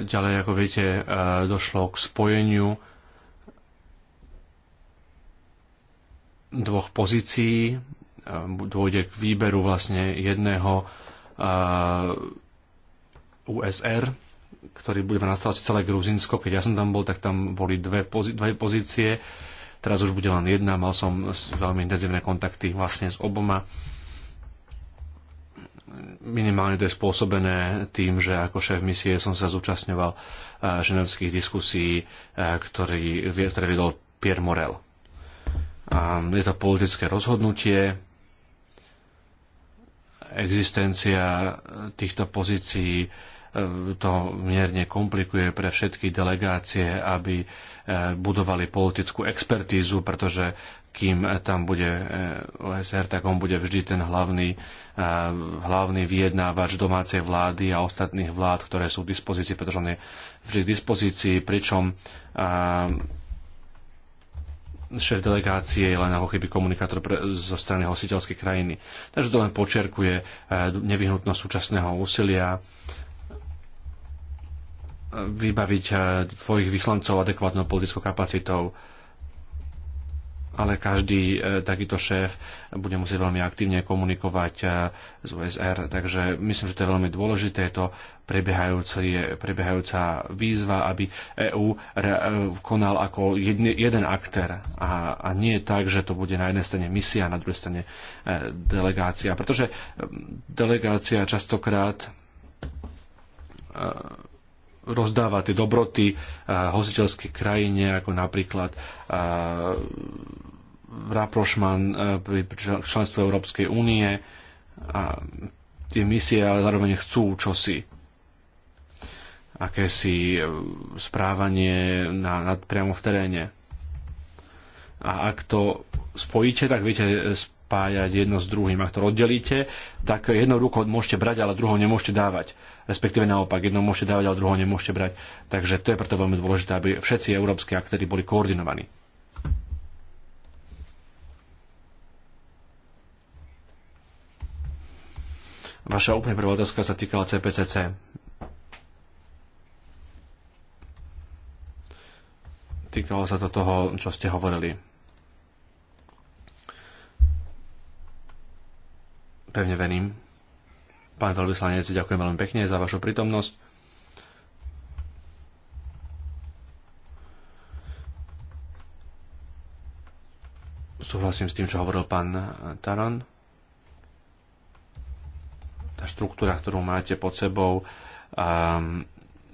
[SPEAKER 1] Ďalej, ako viete, e, došlo k spojeniu dvoch pozícií. E, dôjde k výberu vlastne jedného e, USR, ktorý bude nastavovať celé Gruzinsko. Keď ja som tam bol, tak tam boli dve, pozí- dve pozície. Teraz už bude len jedna. Mal som veľmi intenzívne kontakty vlastne s oboma Minimálne to je spôsobené tým, že ako šéf misie som sa zúčastňoval eh, ženevských diskusí, eh, ktorý, ktoré vedol Pierre Morel. A je to politické rozhodnutie, existencia eh, týchto pozícií to mierne komplikuje pre všetky delegácie, aby budovali politickú expertízu, pretože kým eh, tam bude eh, OSR, tak on bude vždy ten hlavný, eh, hlavný vyjednávač domácej vlády a ostatných vlád, ktoré sú k dispozícii, pretože on je vždy k dispozícii, pričom šéf delegácie je len ako chyby komunikátor pre, zo strany hostiteľskej krajiny. Takže to len počerkuje nevyhnutnosť súčasného úsilia vybaviť svojich vyslancov adekvátnou politickou kapacitou ale každý e, takýto šéf bude musieť veľmi aktívne komunikovať e, z USR, takže myslím, že to je veľmi dôležité, je to prebiehajúca výzva, aby EÚ e, konal ako jedne, jeden aktér a, a nie tak, že to bude na jednej strane misia, na druhej strane delegácia, pretože delegácia častokrát rozdáva tie dobroty eh, hostiteľskej krajine, ako napríklad eh, Raprošman eh, pri členstve Európskej únie a tie misie ale zároveň chcú čosi akési správanie na, na, priamo v teréne. A ak to spojíte, tak viete spájať jedno s druhým. Ak to oddelíte, tak jednou rukou môžete brať, ale druhou nemôžete dávať respektíve naopak, jedno môžete dávať, ale druhého nemôžete brať. Takže to je preto veľmi dôležité, aby všetci európsky aktéry boli koordinovaní. Vaša úplne prvá otázka sa týkala CPCC. Týkalo sa to toho, čo ste hovorili. Pevne verím. Pán veľvyslanec, ďakujem veľmi pekne za vašu prítomnosť. Súhlasím s tým, čo hovoril pán Taran. Tá štruktúra, ktorú máte pod sebou, um,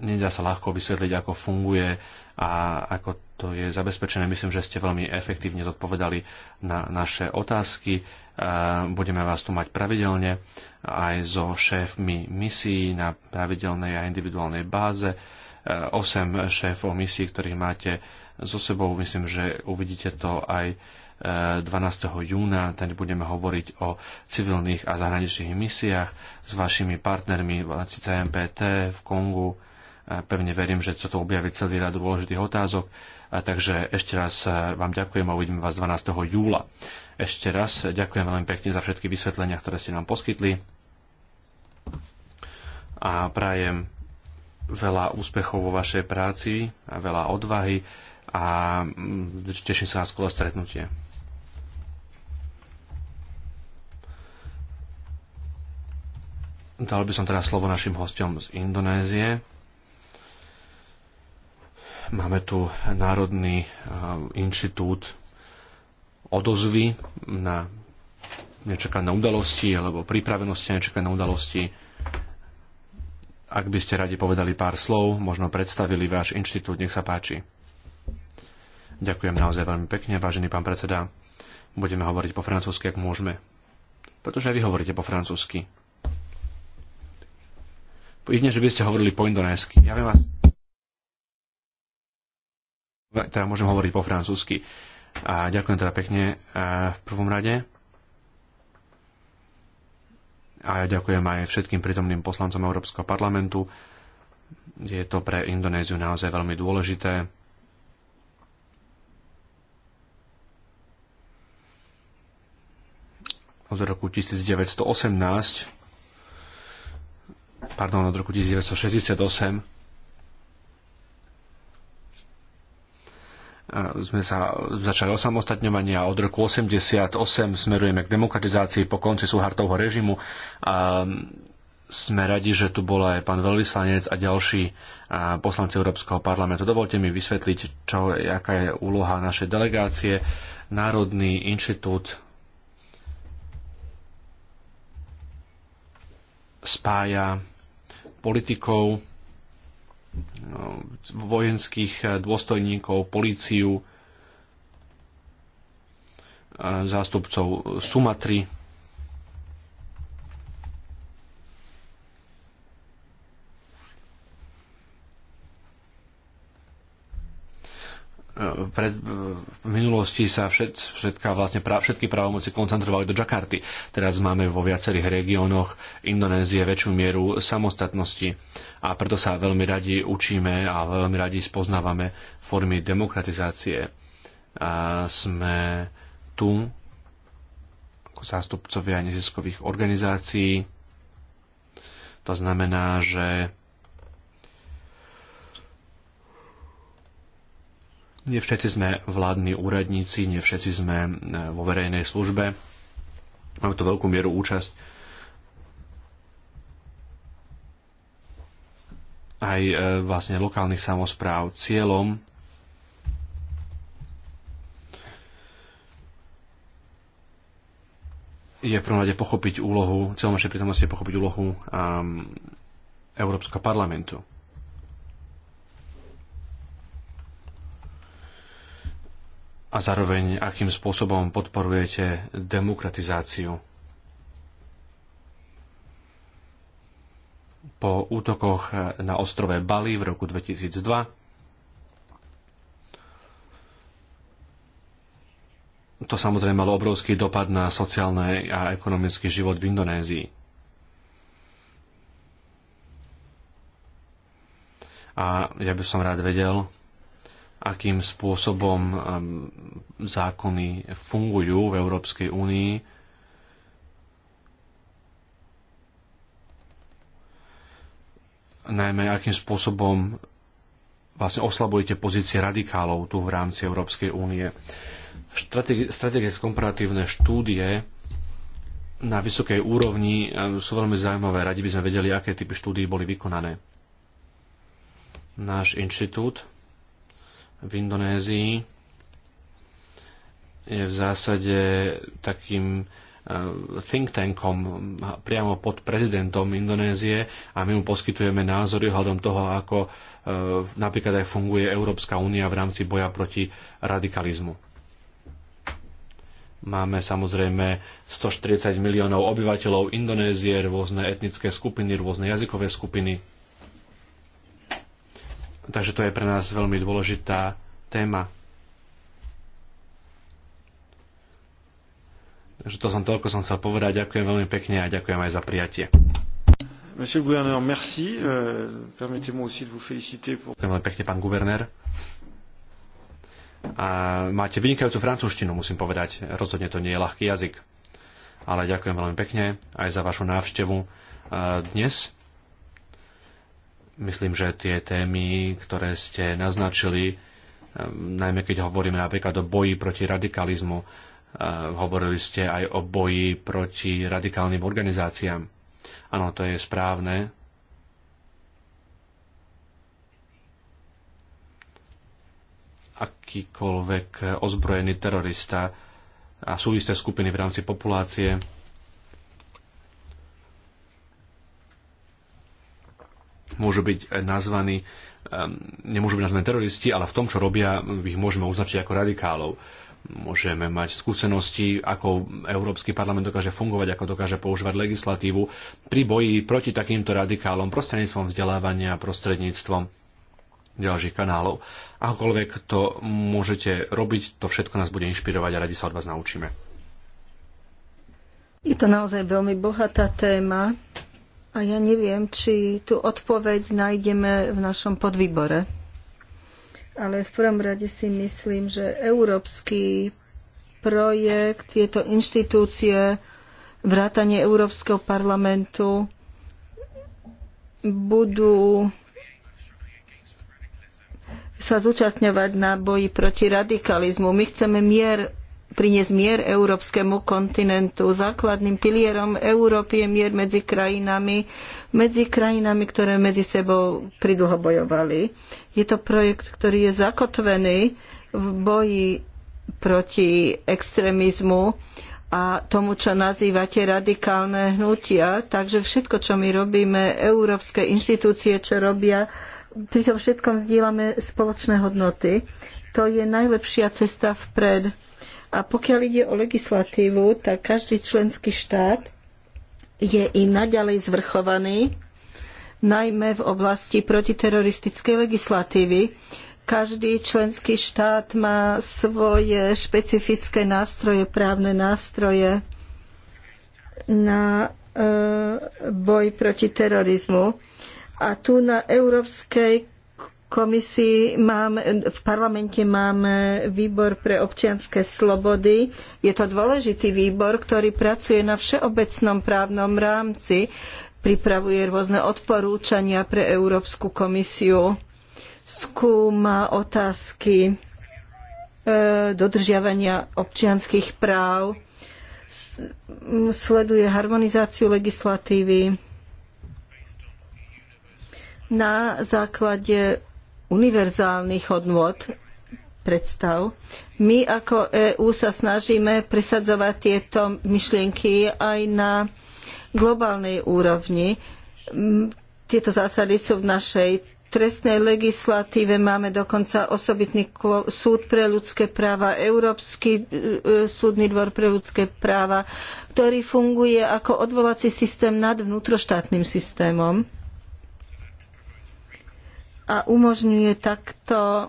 [SPEAKER 1] nedá sa ľahko vysvetliť, ako funguje a ako to je zabezpečené. Myslím, že ste veľmi efektívne zodpovedali na naše otázky. E, budeme vás tu mať pravidelne aj so šéfmi misií na pravidelnej a individuálnej báze. 8 e, šéfov misií, ktorých máte so sebou. Myslím, že uvidíte to aj 12. E, júna, tam budeme hovoriť o civilných a zahraničných misiách s vašimi partnermi v CMPT v Kongu. Pevne verím, že sa to objaví celý rad dôležitých otázok Takže ešte raz eh, vám ďakujem a uvidíme vás 12. júla. Ešte raz ďakujem veľmi pekne za všetky vysvetlenia, ktoré ste nám poskytli a prajem veľa úspechov vo vašej práci a veľa odvahy a mm, teším sa na skole stretnutie. Dal by som teraz slovo našim hostom z Indonézie. Máme tu Národný eh, inštitút odozvy na nečakané udalosti alebo pripravenosti na nečakané udalosti. Ak by ste radi povedali pár slov, možno predstavili váš inštitút, nech sa páči. Ďakujem naozaj veľmi pekne, vážený pán predseda. Budeme hovoriť po francúzsky, ak môžeme. Pretože aj vy hovoríte po francúzsky. Jedne, že by ste hovorili po indonésky. Ja viem vás teda môžem hovoriť po francúzsky. A ďakujem teda pekne e, v prvom rade. A ja ďakujem aj všetkým prítomným poslancom Európskeho parlamentu. Je to pre Indonéziu naozaj veľmi dôležité. Od roku 1918 pardon, od roku 1968 sme sa začali osamostatňovanie a od roku 88 smerujeme k demokratizácii po konci súhartovho režimu. A sme radi, že tu bol aj pán veľvyslanec a ďalší poslanci Európskeho parlamentu. Dovolte mi vysvetliť, čo, aká je úloha našej delegácie. Národný inštitút spája politikov, No, vojenských eh, dôstojníkov, políciu, eh, zástupcov Sumatry pred, v minulosti sa všet, všetka, vlastne pra, všetky právomoci koncentrovali do Džakarty. Teraz máme vo viacerých regiónoch Indonézie väčšiu mieru samostatnosti a preto sa veľmi radi učíme a veľmi radi spoznávame formy demokratizácie. A sme tu ako zástupcovia neziskových organizácií. To znamená, že Nie všetci sme vládni úradníci, nie všetci sme e, vo verejnej službe. Máme tu veľkú mieru účasť aj e, vlastne lokálnych samozpráv. Cieľom je v prvom rade pochopiť úlohu, celom našej prítomnosti je pochopiť úlohu um, Európskeho parlamentu. a zároveň akým spôsobom podporujete demokratizáciu. Po útokoch na ostrove Bali v roku 2002 to samozrejme malo obrovský dopad na sociálny a ekonomický život v Indonézii. A ja by som rád vedel, akým spôsobom um, zákony fungujú v Európskej únii. Najmä akým spôsobom vlastne oslabujete pozície radikálov tu v rámci Európskej únie. Strategie komparatívne štúdie na vysokej úrovni um, sú veľmi zaujímavé. Radi by sme vedeli, aké typy štúdií boli vykonané. Náš inštitút v Indonézii je v zásade takým eh, think tankom priamo pod prezidentom Indonézie a my mu poskytujeme názory hľadom toho, ako eh, napríklad aj funguje Európska únia v rámci boja proti radikalizmu. Máme samozrejme 140 miliónov obyvateľov Indonézie, rôzne etnické skupiny, rôzne jazykové skupiny. Takže to je pre nás veľmi dôležitá téma. Takže to som toľko som chcel povedať. Ďakujem veľmi pekne a ďakujem aj za prijatie.
[SPEAKER 3] Monsieur le gouverneur, merci. Euh, Permettez-moi
[SPEAKER 1] aussi de vous féliciter pour... Ďakujem veľmi pekne, pán guvernér. A máte vynikajúcu francúzštinu, musím povedať. Rozhodne to nie je ľahký jazyk. Ale ďakujem veľmi pekne aj za vašu návštevu dnes. Myslím, že tie témy, ktoré ste naznačili, e, najmä keď hovoríme napríklad o boji proti radikalizmu, e, hovorili ste aj o boji proti radikálnym organizáciám. Áno, to je správne. Akýkoľvek ozbrojený terorista a sú isté skupiny v rámci populácie, môžu byť eh, nazvaní, ehm, nemôžu byť nazvaní teroristi, ale v tom, čo robia, ich môžeme označiť ako radikálov. Môžeme mať skúsenosti, ako Európsky parlament dokáže fungovať, ako dokáže používať legislatívu pri boji proti takýmto radikálom prostredníctvom vzdelávania, prostredníctvom ďalších kanálov. Akokoľvek to môžete robiť, to všetko nás bude inšpirovať a radi sa od vás naučíme.
[SPEAKER 2] Je to naozaj veľmi bohatá téma a ja neviem, či tú odpoveď nájdeme v našom podvýbore. Ale v prvom rade si myslím, že európsky projekt, tieto inštitúcie, vrátanie Európskeho parlamentu budú sa zúčastňovať na boji proti radikalizmu. My chceme mier priniesť mier európskemu kontinentu. Základným pilierom Európy je mier medzi krajinami, medzi krajinami, ktoré medzi sebou pridlho bojovali. Je to projekt, ktorý je zakotvený v boji proti extrémizmu a tomu, čo nazývate radikálne hnutia. Takže všetko, čo my robíme, európske inštitúcie, čo robia, pri tom všetkom vzdielame spoločné hodnoty. To je najlepšia cesta vpred a pokiaľ ide o legislatívu, tak každý členský štát je i naďalej zvrchovaný, najmä v oblasti protiteroristickej legislatívy. Každý členský štát má svoje špecifické nástroje, právne nástroje na e, boj proti terorizmu. A tu na európskej komisii máme, v parlamente máme výbor pre občianske slobody. Je to dôležitý výbor, ktorý pracuje na všeobecnom právnom rámci, pripravuje rôzne odporúčania pre Európsku komisiu, skúma otázky e, dodržiavania občianskych práv, sleduje harmonizáciu legislatívy na základe univerzálnych hodnôt predstav. My ako EÚ sa snažíme presadzovať tieto myšlienky aj na globálnej úrovni. Tieto zásady sú v našej trestnej legislatíve, máme dokonca osobitný súd pre ľudské práva, Európsky e, súdny dvor pre ľudské práva, ktorý funguje ako odvolací systém nad vnútroštátnym systémom a umožňuje takto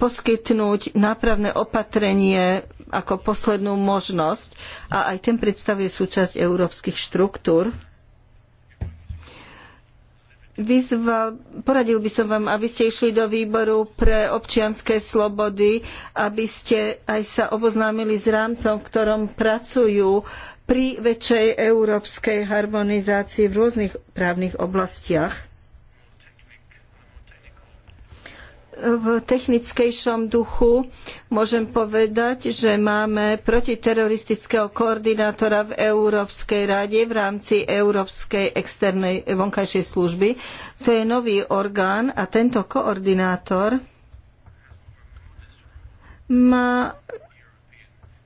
[SPEAKER 2] poskytnúť nápravné opatrenie ako poslednú možnosť a aj ten predstavuje súčasť európskych štruktúr. Vyzval, poradil by som vám, aby ste išli do výboru pre občianske slobody, aby ste aj sa oboznámili s rámcom, v ktorom pracujú pri väčšej európskej harmonizácii v rôznych právnych oblastiach. v technickejšom duchu môžem povedať, že máme protiteroristického koordinátora v Európskej rade v rámci Európskej externej vonkajšej služby. To je nový orgán a tento koordinátor má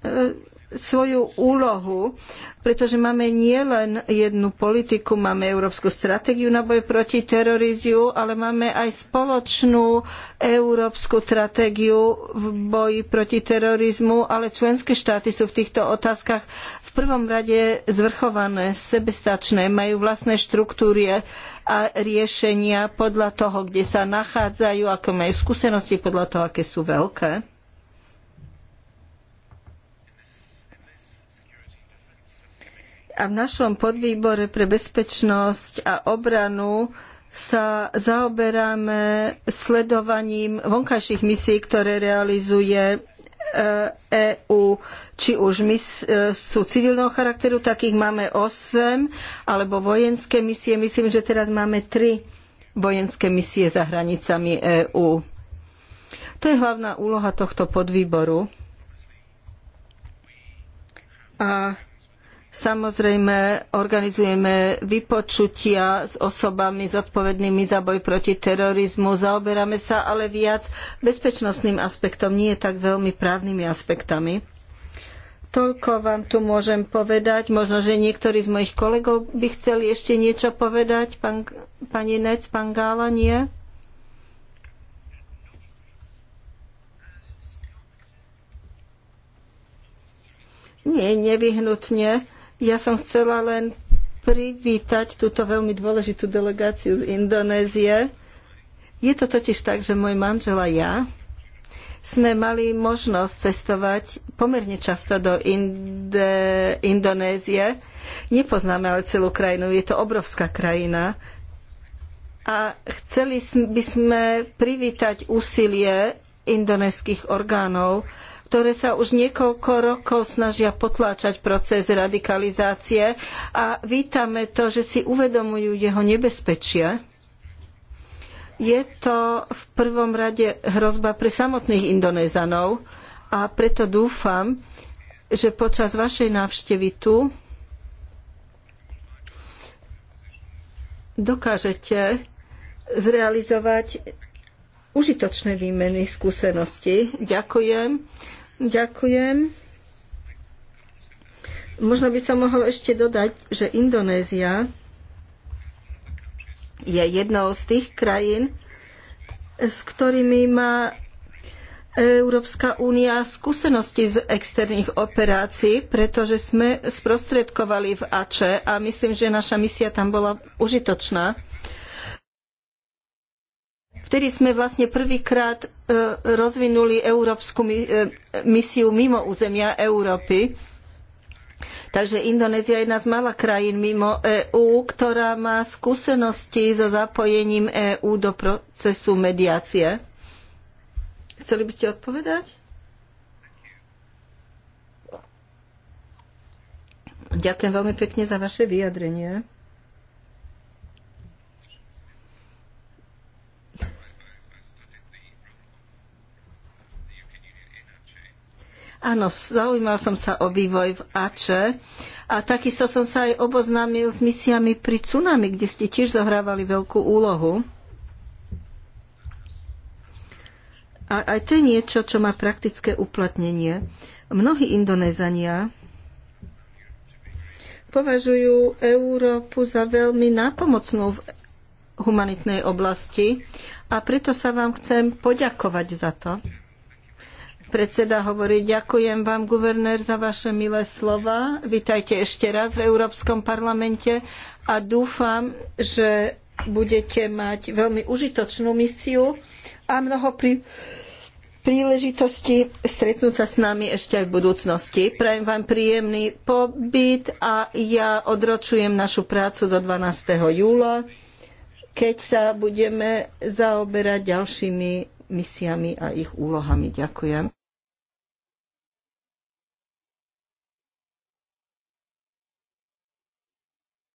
[SPEAKER 2] e, svoju úlohu, pretože máme nielen jednu politiku, máme európsku stratégiu na boj proti teroriziu, ale máme aj spoločnú európsku stratégiu v boji proti terorizmu, ale členské štáty sú v týchto otázkach v prvom rade zvrchované, sebestačné, majú vlastné štruktúry a riešenia podľa toho, kde sa nachádzajú, aké majú skúsenosti, podľa toho, aké sú veľké. A v našom podvýbore pre bezpečnosť a obranu sa zaoberáme sledovaním vonkajších misií, ktoré realizuje EÚ, e či už e, sú civilného charakteru, takých máme 8, alebo vojenské misie. Myslím, že teraz máme 3 vojenské misie za hranicami EÚ. To je hlavná úloha tohto podvýboru. A Samozrejme, organizujeme vypočutia s osobami zodpovednými za boj proti terorizmu. Zaoberáme sa ale viac bezpečnostným aspektom, nie tak veľmi právnymi aspektami. Toľko vám tu môžem povedať. Možno, že niektorí z mojich kolegov by chceli ešte niečo povedať. Pán, pani Nec, pán Gála, nie? Nie, nevyhnutne. Ja som chcela len privítať túto veľmi dôležitú delegáciu z Indonézie. Je to totiž tak, že môj manžel a ja sme mali možnosť cestovať pomerne často do Inde, Indonézie. Nepoznáme ale celú krajinu, je to obrovská krajina. A chceli by sme privítať úsilie indonéskych orgánov ktoré sa už niekoľko rokov snažia potláčať proces radikalizácie a vítame to, že si uvedomujú jeho nebezpečie. Je to v prvom rade hrozba pre samotných Indonézanov a preto dúfam, že počas vašej návštevy tu dokážete zrealizovať užitočné výmeny skúseností. Ďakujem. Ďakujem. Možno by som mohol ešte dodať, že Indonézia je jednou z tých krajín, s ktorými má Európska únia skúsenosti z externých operácií, pretože sme sprostredkovali v AČE a myslím, že naša misia tam bola užitočná. Vtedy sme vlastne prvýkrát E, rozvinuli európsku e, misiu mimo územia Európy. Takže Indonézia je jedna z mála krajín mimo EÚ, ktorá má skúsenosti so zapojením EÚ do procesu mediácie. Chceli by ste odpovedať? Ďakujem veľmi pekne za vaše vyjadrenie. Áno, zaujímal som sa o vývoj v Ače a takisto som sa aj oboznámil s misiami pri tsunami, kde ste tiež zohrávali veľkú úlohu. A aj to je niečo, čo má praktické uplatnenie. Mnohí Indonézania považujú Európu za veľmi nápomocnú v humanitnej oblasti a preto sa vám chcem poďakovať za to. Predseda hovorí, ďakujem vám, guvernér, za vaše milé slova. Vítajte ešte raz v Európskom parlamente a dúfam, že budete mať veľmi užitočnú misiu a mnoho príležitostí stretnúť sa s nami ešte aj v budúcnosti. Prajem vám príjemný pobyt a ja odročujem našu prácu do 12. júla, keď sa budeme zaoberať ďalšími misiami a ich úlohami. Ďakujem.